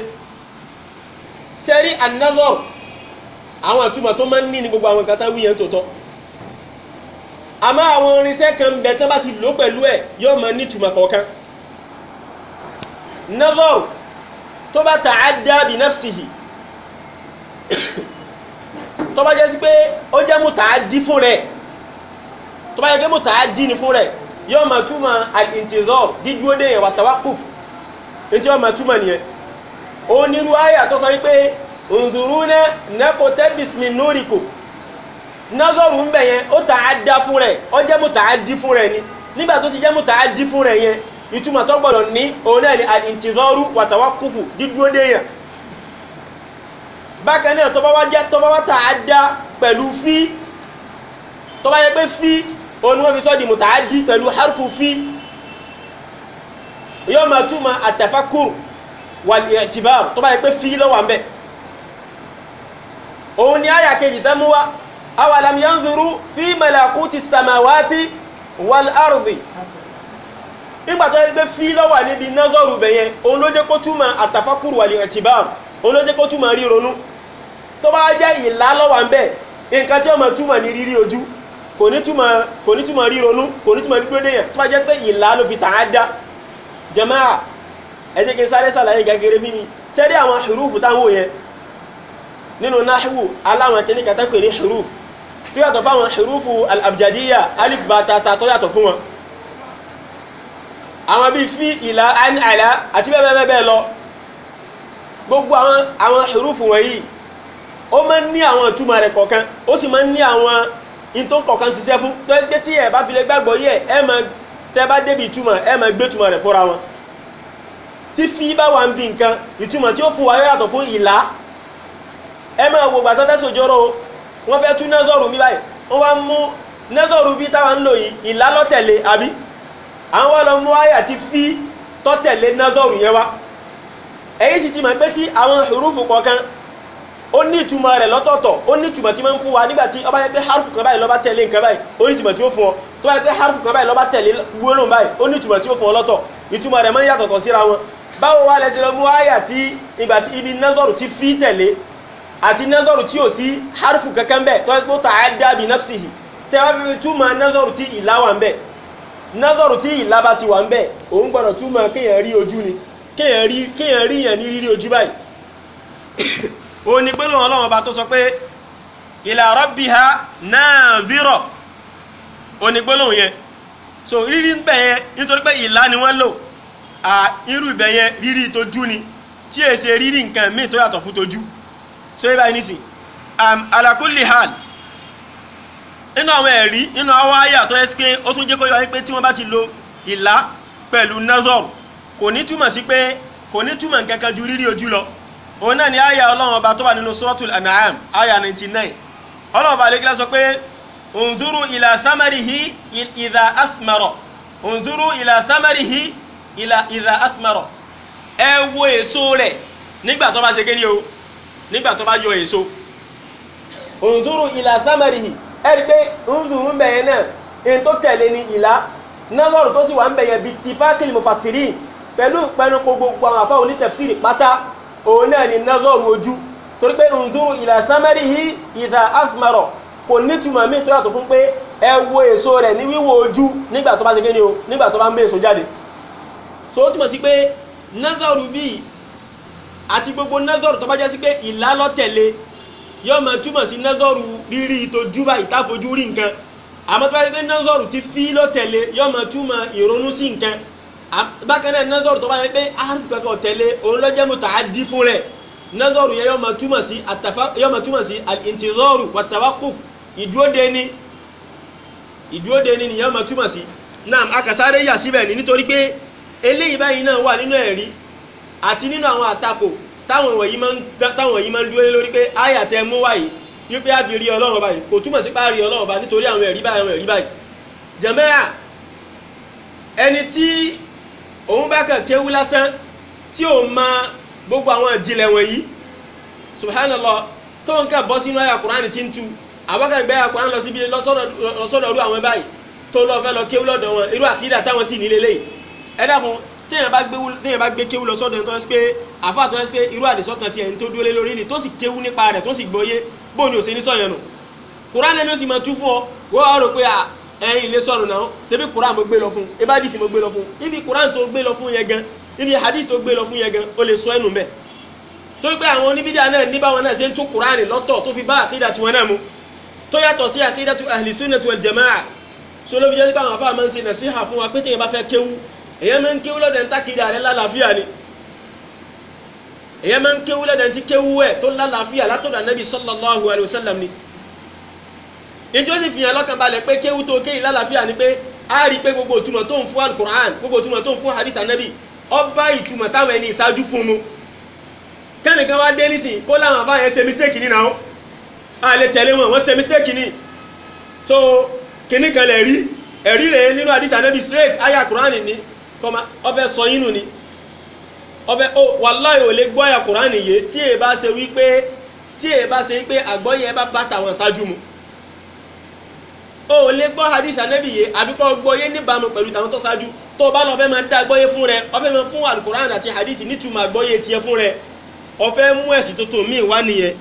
Speaker 1: sẹ́rí an-nazar àwọn àtúmọ̀ tó máa àmọ́ àwọn irinṣẹ́ kan bẹ̀ tán bá ti lò pẹ̀lú ẹ̀ yóò máa nítumọ̀ kọ̀ọ̀kan nazar tó bá ta'adda bi nafsihi tó bá jẹ́ sí pé ó jẹ́ muta'addi fún rẹ̀ tó bá jẹ́ pé muta'addi ni fún rẹ̀ yóò máa túmọ̀ al dídúró dé yẹn wa tawaqquf ní tí wọ́n máa túmọ̀ nìyẹn onírú àyà tó sọ wípé unzuruna naqtabis min nurikum nọ́gọ́rù ń bẹ̀ yẹn ó tà á dá fún rẹ̀ ó jẹ́ mú tà á dí fún rẹ̀ ni nígbà tó ti jẹ́ mú tà á dí fún rẹ̀ yẹn ìtumọ̀ tó gbọ́dọ̀ ní òun náà ni àdìntìrọ́rù wàtàwá kúfù dídúró déyàn bákan náà tó bá wá jẹ́ tó bá wá tà á dá pẹ̀lú fí tó bá yẹ pé fí òun ni wọ́n fi sọ́ di mú tà á dí pẹ̀lú harfu fí yóò máa túmọ̀ àtàfákùrù wàlìyàtìbáàrù tó bá yẹ pé fí lọ́wọ́ à awalam yanzuru fi malakuti samawati wal ardi nígbà tó yẹ pé fi lọ́wà níbi nazaru bẹ̀yẹn òun ló jẹ́ kó túmọ̀ àtàfàkùrù wal i'tibar òun ló jẹ́ kó túmọ̀ ríronú tó bá jẹ́ ìlà lọ́wà ń bẹ̀ nǹkan tí ó máa túmọ̀ ní rírí ojú kò ní túmọ̀ ríronú kò ní túmọ̀ dídúró déyàn tó bá jẹ́ pé ìlà ló fi tààdá jàmáà ẹ jẹ́ kí tó yàtọ̀ fáwọn hurufu al-abjadiyya alif bata sa tó yàtọ̀ fún wọn àwọn bíi fi ìlà àní àìlà àti bẹ́ẹ̀ bẹ́ẹ̀ bẹ́ẹ̀ lọ gbogbo àwọn àwọn hurufu wọ̀nyí ó máa ní àwọn ìtumọ̀ rẹ̀ kọ̀ọ̀kan ó sì máa ní àwọn ìtò kọ̀ọ̀kan ṣiṣẹ́ fún tó yẹ tí ẹ bá fi lè gbàgbọ́ yẹ ẹ wọ́n fẹ́ tún nẹ́sọ̀rù mi báyìí wọ́n wá mú nẹ́sọ̀rù bí táwa ń lò yìí ìlà lọ́tẹ̀lé àbí àwọn wọn lọ mú àyà ti fi tọ́tẹ̀lé nẹ́sọ̀rù yẹn wá èyí sì ti mọ̀ pé tí àwọn hurufu kọ̀ọ̀kan ó ní ìtumọ̀ rẹ̀ lọ́tọ̀ọ̀tọ̀ ó ní ìtumọ̀ tí máa ń fún wa nígbà tí ó bá yẹ pé harfu kan báyìí ló bá tẹ̀lé nǹkan báyìí ó ní ìtumọ̀ tí ó fún ọ tó bá yẹ pé harfu kan báyìí ló bá tẹ̀lé gbólóhùn báyìí ó ní ìtumọ̀ tí ó fún ọ lọ́tọ̀ ìtumọ̀ rẹ̀ máa ń yàtọ̀tọ̀ síra wọn báwo wá lẹ lọ mú àyà tí ibi nẹ́sọ̀rù ti fi tẹ̀lé àti nazaru tí ò sí harfu kankan bẹ́ẹ̀ tó ẹ́sìpó ta àdá bí nafsihi tẹ́wọ́ fi túmọ̀ nazaru tí ìlà wà ń bẹ̀ nazaru tí ìlà bá ti wà ń bẹ̀ òun gbọ́dọ̀ túmọ̀ kéèyàn rí ojú ni kéèyàn rí kéèyàn rí yẹn ní rírí ojú báyìí òun ni gbólóhùn ọlọ́run ọba tó sọ pé ila rabbiha nazira òun ni gbólóhùn yẹn so rírí ń bẹ̀ yẹn nítorí pé ìlà ni wọ́n lò irú ìbẹ̀ rírí tójú ni tí èsè rírí nǹkan míì tó yàtọ̀ fún tójú so yíba anything um, ala kulli hal nínú àwọn ẹ̀rí nínú àwọn àyà tó yẹ pé ó tún jẹ́ kó yọ pé tí wọ́n bá ti lo ìlà pẹ̀lú nazor kò ní túmọ̀ sí pé kò ní túmọ̀ nǹkan ju rírí ojú lọ òun náà ni àyà ọlọ́run ọba tó wà nínú suratul an'am àyà 99 ọlọ́run ọba àlekílá sọ pé òǹdúrú ìlà thamarihi ìdà athmara òǹdúrú ìlà thamarihi ìdà athmara ẹ wo èso rẹ̀ nígbà tó bá ṣe kéde o nígbà tó bá yọ èso òǹdúró ìlà sámẹ́rìhì ẹ̀rí pé òǹdúró ń bẹ̀yẹn náà èyí tó tẹ̀lé ni ìlà nálọ́rù tó sì wà ń bẹ̀yẹn bíi tìfákìlì mọ̀fàsírì pẹ̀lú ìpẹnu gbogbo àwọn àfáà onítẹ̀fsírì pátá òun náà ni nálọ́rù ojú torí pé òǹdúró ìlà sámẹ́rìhì ìdá asmarọ̀ kò nítumọ̀ mí tó yàtọ̀ fún pé ẹ wo èso rẹ̀ ní wíwo ojú nígbà tó bá ṣe kéde o nígbà tó bá ń bẹ èso jáde so ó túmọ̀ sí pé nálọ́rù bíi àti gbogbo nẹ́dọ̀rù tó bá jẹ́ sí pé ìlálọ́tẹ̀lé yóò máa túmọ̀ sí nẹ́dọ̀rù rírí ìtọ́jú bá ìtàfojú rí nǹkan àmọ́ tó bá jẹ́ pé nẹ́dọ̀rù ti fi lọ́tẹ̀lé yóò máa túmọ̀ ìrònú sí nǹkan bákan náà nẹ́dọ̀rù tó bá jẹ́ pé áàrùn kankan tẹ̀lé òun lọ́jẹ́ muta'addi fún rẹ̀ nẹ́dọ̀rù yẹn yóò máa túmọ̀ sí al-intizar wa tawaqquf máa túmọ̀ sí náà akàsáré àti nínú àwọn àtakò táwọn wọ̀nyí máa ń dúró lórí pé àyà tẹ mú wáyé yí pé a fi rí ọlọ́run báyìí kò túmọ̀ sí páàrí ọlọ́run báyìí nítorí àwọn ẹ̀rí báyìí àwọn ẹ̀rí báyìí jẹ̀mẹ́à ẹni tí òun bá kàn kéwú lásán tí òun mọ gbogbo àwọn ìjìnlẹ̀ wọ̀nyí subhanallah tó ń kà bọ́ sínú àyà Kùránì tí ń tu àbọ̀kàn gbé àyà Kùránì lọ síbi lọ́sọ̀dọ̀ọ́rù àwọn báyìí tó lọ fẹ́ lọ kéwú lọ́dọ̀ wọn irú àkídà táwọn sì nílé lẹ́yìn ẹ dákun téèyàn bá gbé téèyàn bá gbé kéwú lọ sọ́dọ̀ ẹni tó ṣe pé àfa tó ṣe pé irú àdìsọ́kàn tiẹ̀ ń tó dúró lé lórí ni tó sì kéwú nípa rẹ̀ tó sì gbọ́yé bóun ni ò ṣe ní sọ̀yẹn nù kúránì ló sì máa tú fún ọ wọ́n á rò pé ẹ̀yin ilé sọ̀rọ̀ náà ṣebí kúránì mo gbé lọ fún ebí àdìsí mo gbé lọ fún ibi kúránì tó gbé lọ fún yẹn gan ibi hadith tó gbé lọ fún yẹn gan ó lè sọ ẹnu mẹ́ torí pé àwọn oníbídà náà ní báwọn náà ṣe ń tú kúránì lọ́tọ̀ tó fi bá àkídà tiwọn náà mu tó yàtọ̀ sí àkídà tu ahli sunnah wal jamaa so ló fi jẹ́ pé àwọn afáàmọ́ ń ṣe nàṣíhà fún wa pé téèyàn bá fẹ́ èyàn máa ń kéwú lọ́dẹ̀ ń tákìrì àrẹ lálàáfíà ni èyàn máa ń kéwú lọ́dẹ̀ tí kéwú ẹ̀ tó lálàáfíà látọ̀dọ̀ anábì sallallahu alayhi wa sallam ni ìjọ sì fìyàn lọ́kàn balẹ̀ pé kéwú tó kéyìn lálàáfíà ni pé a rí i pé gbogbo ìtumọ̀ tó ń fún alukur'an gbogbo ìtumọ̀ tó ń fún hadith anábì ọba ìtumọ̀ táwọn ẹni ìṣáájú fún mu kẹ́nìkan wá dé nísìnyí kó láwọn so kìnnìkan lè rí ẹ̀rí rẹ̀ nínú hadith anábì straight aya kur'an ni koma ọfẹ́ sọ yínú ni ọfẹ́ ó wàláì ò lè gbọ́ àyà kùránì yé tí èyí bá ṣe wípé tí e bá ṣe wípé àgbọ́yé bá bá tàwọn ṣáájú mu ó lè gbọ́ hadith anabi yé àdúpọ̀ gbọ́yé níbàámu pẹ̀lú tàwọn tó ṣáájú tó o bá lọ fẹ́ máa dá gbọ́yé fún rẹ ọfẹ́ máa fún alukuran àti hadith nítumọ̀ tiẹ̀ fún rẹ ọfẹ́ mú ẹ̀sìn tuntun míì wá nìyẹn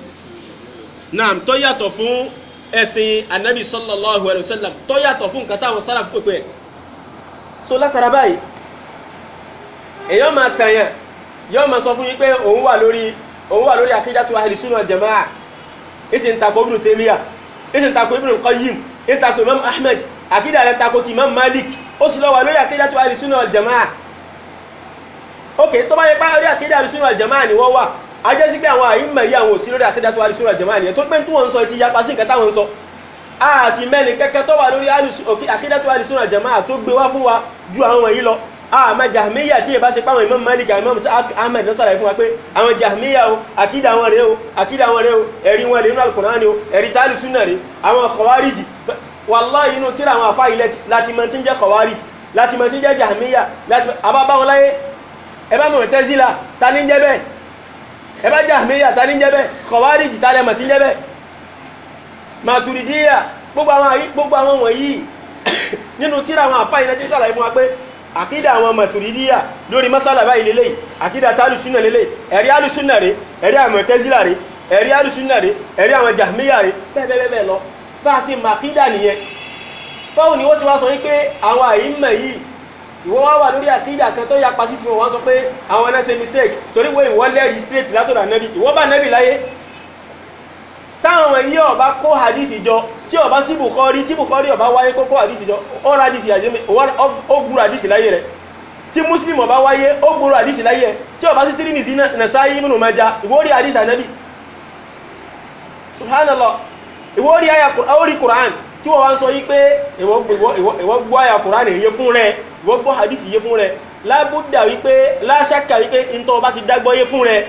Speaker 1: tó yàtọ̀ fún ẹ̀sìn anabi tó yàtọ̀ fún nǹkan so látara èyàn máa tàyàn yóò máa sọ fún yín pé òun wà lórí òun wà lórí akídàtú ahli sunna wal jamaa ìsì ń takò Ibn Taymiyyah ìsì ń takò Ibn Qayyim ń takò Imam Ahmed akídà rẹ̀ takò ti Imam Malik ó sì lọ wà lórí akídàtú ahli sunna wal jamaa ok tó bá yẹ pé lórí akídà ahli sunna wal jamaa ni wọ́n wà a jẹ́ sí pé àwọn àyínmọ̀ yìí àwọn òsì lórí akídàtú ahli sunna wal jamaa tó pé tí ń sọ ti yapa sí nǹkan táwọn sọ a sì mẹ́ni kẹ́kẹ́ tó wà lórí akídàtú ahli sunna wal tó gbé wá fún wa ju àwọn wọ̀nyí lọ Ah, àmọ́ jahmiya tí ìbá ṣe páwọn Imam Malik Imam Ahmed lọ́sàrà ìfún wa pé àwọn jahmiya o àkídà wọn rèé o àkídà wọn rèé o ẹ̀rí wọn rèé nínú Al-Qur'ani o ẹ̀rí tálù súnà rèé àwọn khawarij wallahi inú tíra àwọn afá ilẹ̀ láti mọ tí ń jẹ́ khawarij láti mọ tí ń jẹ́ jahmiya láti abábá wọn láyé ẹ bá Mu'tazila ta ní jẹ́ bẹ́ẹ̀ ẹ bá jahmiya ta ní jẹ́ bẹ́ẹ̀ khawarij ta lẹ́mọ̀ tí ń jẹ́ bẹ́ẹ̀ Maturidiya gbogbo àwọn wọ̀nyí nínú tíra àwọn afá ilẹ̀ tí ń sàlàyé fún wa pé àkídà àwọn mọ̀tòrídíyà lórí masala báyìí lélẹ́yìí àkídà tálùsúnà lélẹ́yìí ẹ̀rí alùsúnà rẹ̀ ẹ̀rí àwọn tẹ́sílà rẹ̀ ẹ̀rí alùsúnà rẹ̀ ẹ̀rí àwọn jahmiya rẹ̀ bẹ́ẹ̀bẹ́ẹ̀bẹ́ẹ̀ lọ bá a sì mọ àkídà nìyẹn báwo ni wọ́n ti wá sọ wípé àwọn àyímọ̀ yìí ìwọ wá wà lórí àkídà kan tó yapa sí tiwọn wọ́n sọ pé àwọn náà mistake torí wọ́n ìwọ lẹ́rìí straight látọ̀dà nẹ́bí ìwọ bá nẹ́bí láyé táwọn yìí ọba kó hadithi jọ tí ọba sí bukhari tí bukhari ọba wáyé kó kó hadithi jọ ó ra hadithi àjẹmí ó gbúrò hadithi láyé rẹ̀ tí muslim ọba wáyé ó gbúrò hadithi láyé tí ọba sí tirinidi nasayi ibn maja ìwórí hadithi anabi subhanallah ìwórí àyàkùrí quran tí wọ́n wá ń sọ yí pé ìwọ gbọ́ àyà quran yé fún rẹ ìwọ gbọ́ hadithi yé fún rẹ lábúdà wípé láṣàkà wípé ntọ́ ọba ti dágbọ́ yé fún rẹ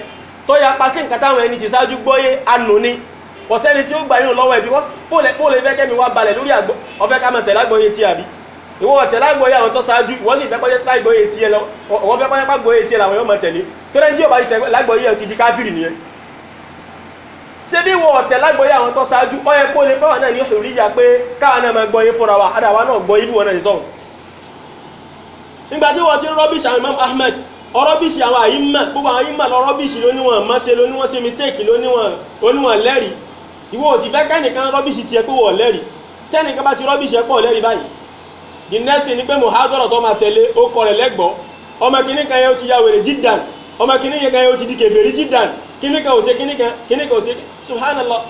Speaker 1: tọ́ya pasí nǹkan táwọn ẹni ti ṣáájú gbọ́yé ànú ni kò sẹ́ni tí ó gbà yín lọ́wọ́ ẹ̀ because bóòlù fẹ́ kẹ́mi wá balẹ̀ lórí àgbọ̀ ọ̀fẹ́ ká mọ̀ tẹ̀lé àgbọ̀yé tí àbí ìwọ ọ̀tẹ̀ lágbọ̀yé àwọn tó ṣáájú ìwọ sì fẹ́ kọ́jẹ́ lágbọ̀yé tí ẹ lọ ọ̀wọ́ fẹ́ kọ́jẹ́ lágbọ̀yé tí ẹ làwọn yóò mọ̀ tẹ̀lé tó lẹ́ni tí yóò bá ti tẹ̀ lágbọ̀yé ẹ ti di káfírì nìyẹn ṣé bí ìwọ ọ̀tẹ̀ lágbọ̀yé àwọn tó ṣáájú ó yẹ kó lè fẹ́wọ̀n náà ní ìrìyà pé káwọn náà máa gbọ́yé fúnra wa àdàwa náà gbọ́yé bí wọn náà ní sọ̀rọ̀ nígbà tí wọ́n ti ń rọ́bìṣì àwọn Imam Ahmed ọ̀rọ̀bìṣì àwọn àyímà gbogbo àwọn àyímà lọ rọ́bìṣì lóníwọ̀n mọ́ṣe lóníwọ̀n ṣe mistake lóníwọ̀n lẹ́rìí ìwọ òsì fẹ́ kẹ́nìkan rọ́bìṣì tiẹ̀ pé wọ́n lẹ́rìí tẹ́nìkan bá ti rọ́bìṣì ẹ̀ pọ̀ lẹ́rìí báyìí the next ni pé mohadoro tó máa tẹ̀lé ó kọ rẹ̀ lẹ́gbọ̀ọ́ ọmọ kìíní kan yẹn ó ti ya wèrè jídàn ọmọ kìíní kan yẹn ó ti di kèfèrí jídàn kìíní kan ò ṣe kìíní kan kìíní kan ò ṣe subhanallah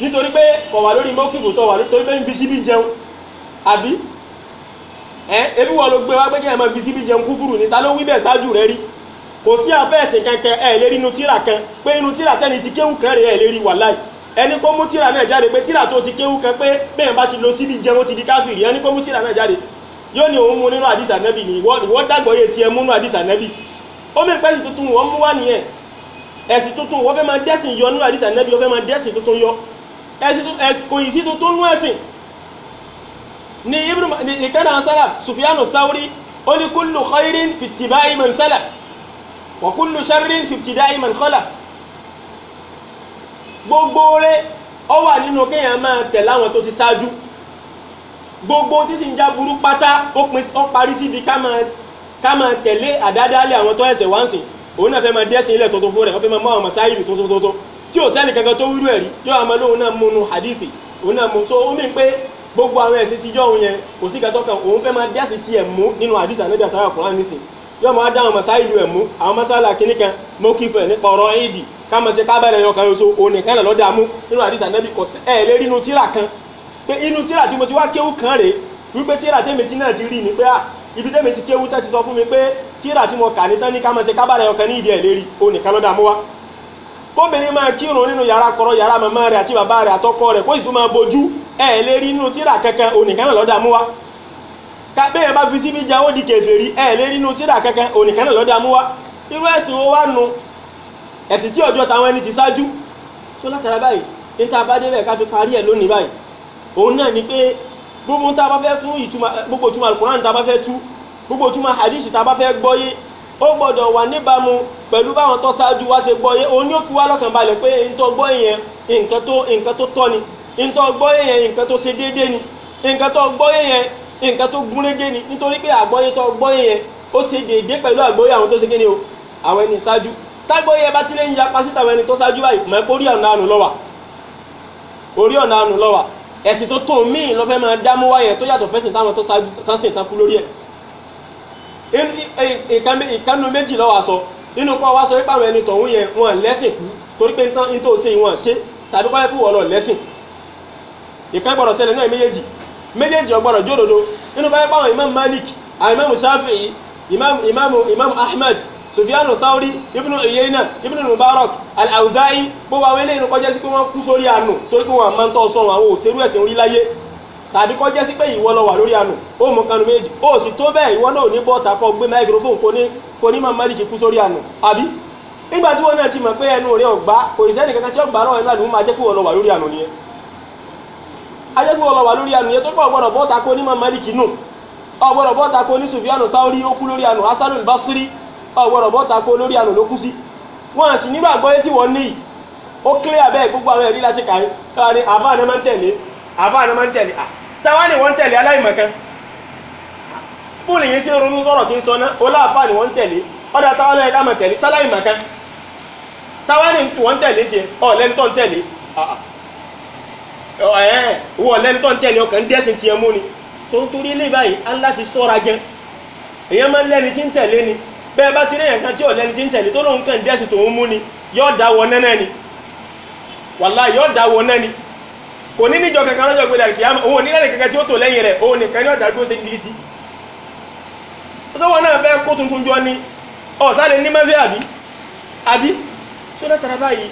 Speaker 1: nítorí pé kò wà lórí mọ́kìkù tó wà lórí pé ń fi síbí jẹun àbí ẹ ebi wọ́n ló gbé wá pé kí ẹ máa fi síbí jẹun kúfùrù ní ta ló wí bẹ́ẹ̀ ṣáájú rẹ rí kò sí àfẹ́ẹ̀sìn kankan ẹ̀ lérí inú tíra kan pé inú tíra tẹ́ni ti kéwù kan rè ẹ̀ lérí wàláì ẹni kó mú tíra náà jáde pé tíra tó ti kéwú kan pé bẹ́ẹ̀ bá ti lọ síbi jẹun ó ti di káfíìrì ẹni kó mú tíra náà jáde yóò ní òun mú nínú àdìs ànábì ni ìwọ dàgbọ́ yé tiẹ̀ mú nínú àdìs ànábì ó mẹ́ pẹ́sì tuntun wọ́n mú wá nìyẹn ẹ̀sìn tuntun wọ́n fẹ́ máa dẹ́sìn yọ nínú àdìs ànábì wọ́n fẹ́ máa dẹ́sìn tuntun yọ kò yìí sí tuntun nú ẹ̀sìn ni ìkànnì asálà Sufyanu gbogbo rẹ̀ ọ wà nínú kéèyàn máa tẹ̀ láwọn tó ti ṣáájú gbogbo tí sì ń já burú pátá ó parí síbi ká máa tẹ̀lé àdádálẹ̀ àwọn tó ẹ̀sẹ̀ wá ń sìn òun náà fẹ́ máa dẹ́sìn ilẹ̀ tuntun fún rẹ̀ wọ́n fẹ́ máa mọ àwọn masáyìlì tuntun tuntun tí ò sẹ́ni kankan tó yóò lóun náà hadithi so pé gbogbo àwọn ẹ̀sìn yẹn kò sí kan òun fẹ́ máa dẹ́sìn tiẹ̀ mú nínú hadith àtàwọn nísìn yóò máa dá àwọn ẹ̀ mú kámọ̀ ṣe kábẹ́rẹ́ yọ kan oṣù onìkan náà lọ́dà mú nínú àdìsá nẹ́bí kọ̀ sí ẹ̀ lé nínú tíra kan pé inú tíra tí mo ti wá kéwú kan rèé wípé tíra tèmi tí náà ti rí ni pé ah, ibi tèmi ti kéwú tán ti sọ fún mi pé tíra tí mo kà ní tán ní kámọ̀ ṣe kábẹ́rẹ́ yọ kan ní ìdí ẹ̀ lérí onìkan lọ́dà mú wa kóbìnrin máa kírun nínú yàrá kọ̀rọ̀ yàrá màmá rẹ̀ àti bàbá rẹ̀ àtọkọ rẹ̀ kó ìsú máa bojú ẹ̀ lérí nínú tíra kankan onìkan náà lọ́dà mú wa bẹ́ẹ̀ bá fi síbi jẹ́ ó di kèfèrí ẹ̀ lérí nínú tíra kankan onìkan náà lọ́dà mú wa irú ẹ̀sìn wo wá nu ẹ̀sìn tí ọjọ́ táwọn ẹni ti ṣáájú tó látara báyìí níta bá débẹ̀ ká fi parí ẹ̀ lónìí báyìí òun náà ni pé gbogbo tá a bá fẹ́ fún ìtumọ̀ gbogbo ìtumọ̀ alukuran tá a bá fẹ́ tú gbogbo ìtumọ̀ hadith tá a bá fẹ́ gbọ́yé ó gbọ́dọ̀ wà níbàámu pẹ̀lú báwọn tó ṣáájú wá ṣe gbọ́yé òun ni ó fi wá lọ́kàn balẹ̀ pé ntọ́ gbọ́ yẹn nǹkan tó tọ́ ni ntọ́ gbọ́ yẹn nǹkan tó ṣe déédéé ni nǹkan tó gbọ́ ni nítorí pé tágbóyè ẹ bá ti lè ń yapa síta wẹni tó ṣáájú báyìí mọ̀ ẹ́ kó orí ọ̀nà àánú lọ́wà orí ọ̀nà àánú lọ́wà ẹ̀sìn tó tóun míì ló fẹ́ máa dámú wáyẹ̀ tó yàtọ̀ fẹ́sìn táwọn tó ṣáájú tán sì tán kú lórí ẹ̀ ìkànnì méjì lọ́wọ́ aṣọ nínú kọ́ wá sọ pé àwọn ẹni tọ̀hún yẹn wọn lẹ́sìn kú torí pé nítàn ní tó ṣe wọn ṣe tàbí kọ́ yẹ kó wọ́n lọ lẹ́sìn ìkan gbọ́dọ̀ ṣẹlẹ̀ náà méjèèjì méjèèjì ọgbọ́dọ̀ jódodo nínú kọ́ yẹ pé àwọn Imam Malik Imam Shafi'i Imam Imam Imam Ahmad sufiyanu tawri ibnu iyayna ibnu mubarak al-awza'i gbogbo àwọn eléyìí kọjá sí pé wọ́n kú sórí àánú torí pé wọ́n máa ń tọ́ sọ̀rọ̀ àwọn òṣèlú ẹ̀sìn orí láyé tàbí kọjá sí pé ìwọ lọ wà lórí àánú ó mú kanu méjì ó sì tó bẹ́ẹ̀ ìwọ náà ní bọ́ọ̀tà kọ gbé microphone kò ní kò ní mamman kì kú sórí àánú àbí nígbà tí wọ́n náà ti mọ̀ pé ẹnu rẹ̀ ọ̀gbá kò ì sẹ́ni kankan tí ọ̀gbá náà ńlá ló máa jẹ́ pé ìwọ lọ wà lórí àánú nìyẹn ajẹ́ pé ìwọ lọ wà lórí àánú yẹn tó pọ̀ gbọ́dọ̀ bọ́ọ̀tà kò ní mamman kì nù ọ̀gbọ́dọ̀ bọ́ọ̀tà kò ní Sufyanu Thauri ó kú lórí àánú Hasanul Basri ọ̀gbọ́dọ̀ bọ́ta kó lórí àná ló kú sí wọ́n sì nígbàgbọ́ yé tí wọ́n ní ó clear bẹ́ẹ̀ gbogbo àwọn ẹ̀rí láti kàyé káwa ni àbá àná máa ń tẹ̀lé àbá àná máa ń tẹ̀lé táwa ni wọ́n ń tẹ̀lé aláìmọ̀kan bóòlù yẹn sí ronú sọ̀rọ̀ tí ń sọ ná ọlá àbá ni wọ́n ń tẹ̀lé ọ̀dà táwa náà ẹ̀dá máa tẹ̀lé sáláìmọ̀kan táwa ni wọ́n ń tẹ̀lé tiẹ̀ ọ̀ lẹ́ni tó ń tẹ̀lé wọ́n lẹ́ni tó ń tẹ̀lé ọkàn ń dẹ́sìn tiẹ̀ mú ni so nítorí ilé báyìí á láti sọ́ra gan èèyàn máa ń lẹ́ni tí ń tẹ̀lé ni bẹ́ẹ̀ bá ti rẹ̀yàn kan tí ọ̀lẹ́ni ti ń tẹ̀lé tó lóun kàn dẹ́sùn tòun mú ni yóò dáwọ́ nẹ́nẹ́ ni wàláhì yóò dáwọ́ nẹ́ni kò ní níjọ kankan lọ́jọ́ gbé dàríkì àmọ́ òun onílẹ̀ kankan tí ó tò lẹ́yìn rẹ̀ òun nìkan ní ọ̀dà dúró sí gírígítì sọ́wọ́n náà fẹ́ ni ọ̀sálẹ̀ ní mẹ́fẹ́ àbí àbí sódà tara báyìí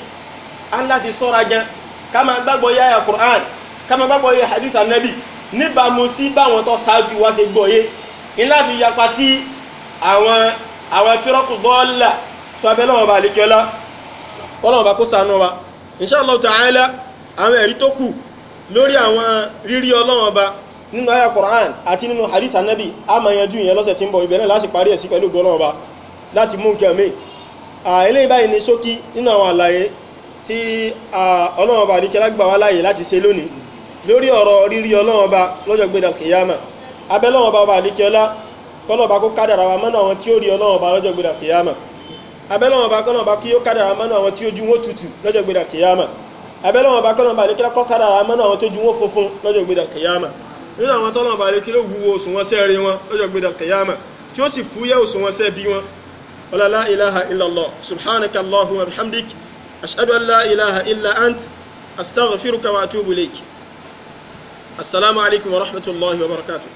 Speaker 1: ya Qur'an ká máa gbàgbọ́ hadith anabi níbàámu sí báwọn tó ṣáájú wá ṣe gbọ́ yé ńlá àwọn àwọn fírọ́kù bọ́ọ̀lá fún abẹ́lọ́wọ̀n bá àlekẹ́ọ́lá kọ́lọ́wọ̀n bá kó sànú wa insha Allah ta'ala àwọn ẹ̀rí tó kù lórí àwọn rírí ọlọ́wọ̀n bá nínú àyà Qur'an àti lórí ọ̀rọ̀ rírí ọlọ́wọ̀n lọ́jọ́ gbé dàkìyàmà abẹ́lọ́wọ̀n bá ọba àlekẹ́lá kọ́lọ̀bá kó kádàrà wa mọ́nà àwọn tí ó rí ọlọ́wọ́ bá lọ́jọ́ gbéra kìyàmà abẹ́lọ́wọ́ bá kọ́lọ̀bá kí ó kádàrà mọ́nà àwọn tí ó ju wọn tutù lọ́jọ́ gbéra kìyàmà abẹ́lọ́wọ́ bá kọ́lọ̀bá ní kílákọ́ kádàrà mọ́nà àwọn tó ju wọn funfun lọ́jọ́ gbéra kìyàmà nínú àwọn tọ́lọ̀bá ní kíló wúwo òṣùwọ̀n sẹ́ rí wọn lọ́jọ́ gbéra kìyàmà tí ó sì fúyẹ́ òṣùwọ̀n sẹ́ bí wọn ọlọ́lá ilaha illallah subhanaka allahumma bihamdik ashhadu an ilaha illa ant astaghfiruka wa atubu ilayk assalamu alaikum wa rahmatullahi wa barakatuh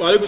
Speaker 1: alaykum